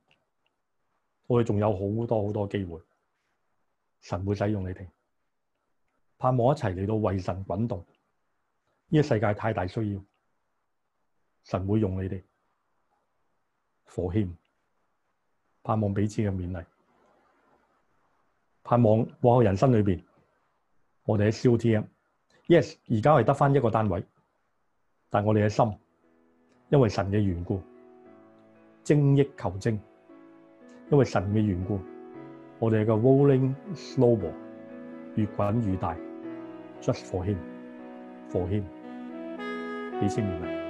我哋仲有好多好多機會，神會使用你哋，盼望一齊嚟到為神滾動。呢個世界太大需要，神會用你哋。for Him，盼望彼此嘅勉勵。盼望往後人生裏面，我哋喺 COTM，yes，而家係得返一個單位，但我哋嘅心，因為神嘅緣故，精益求精，因為神嘅緣故，我哋嘅 rolling snowball 越滾越大，just for him，for him，幾千年。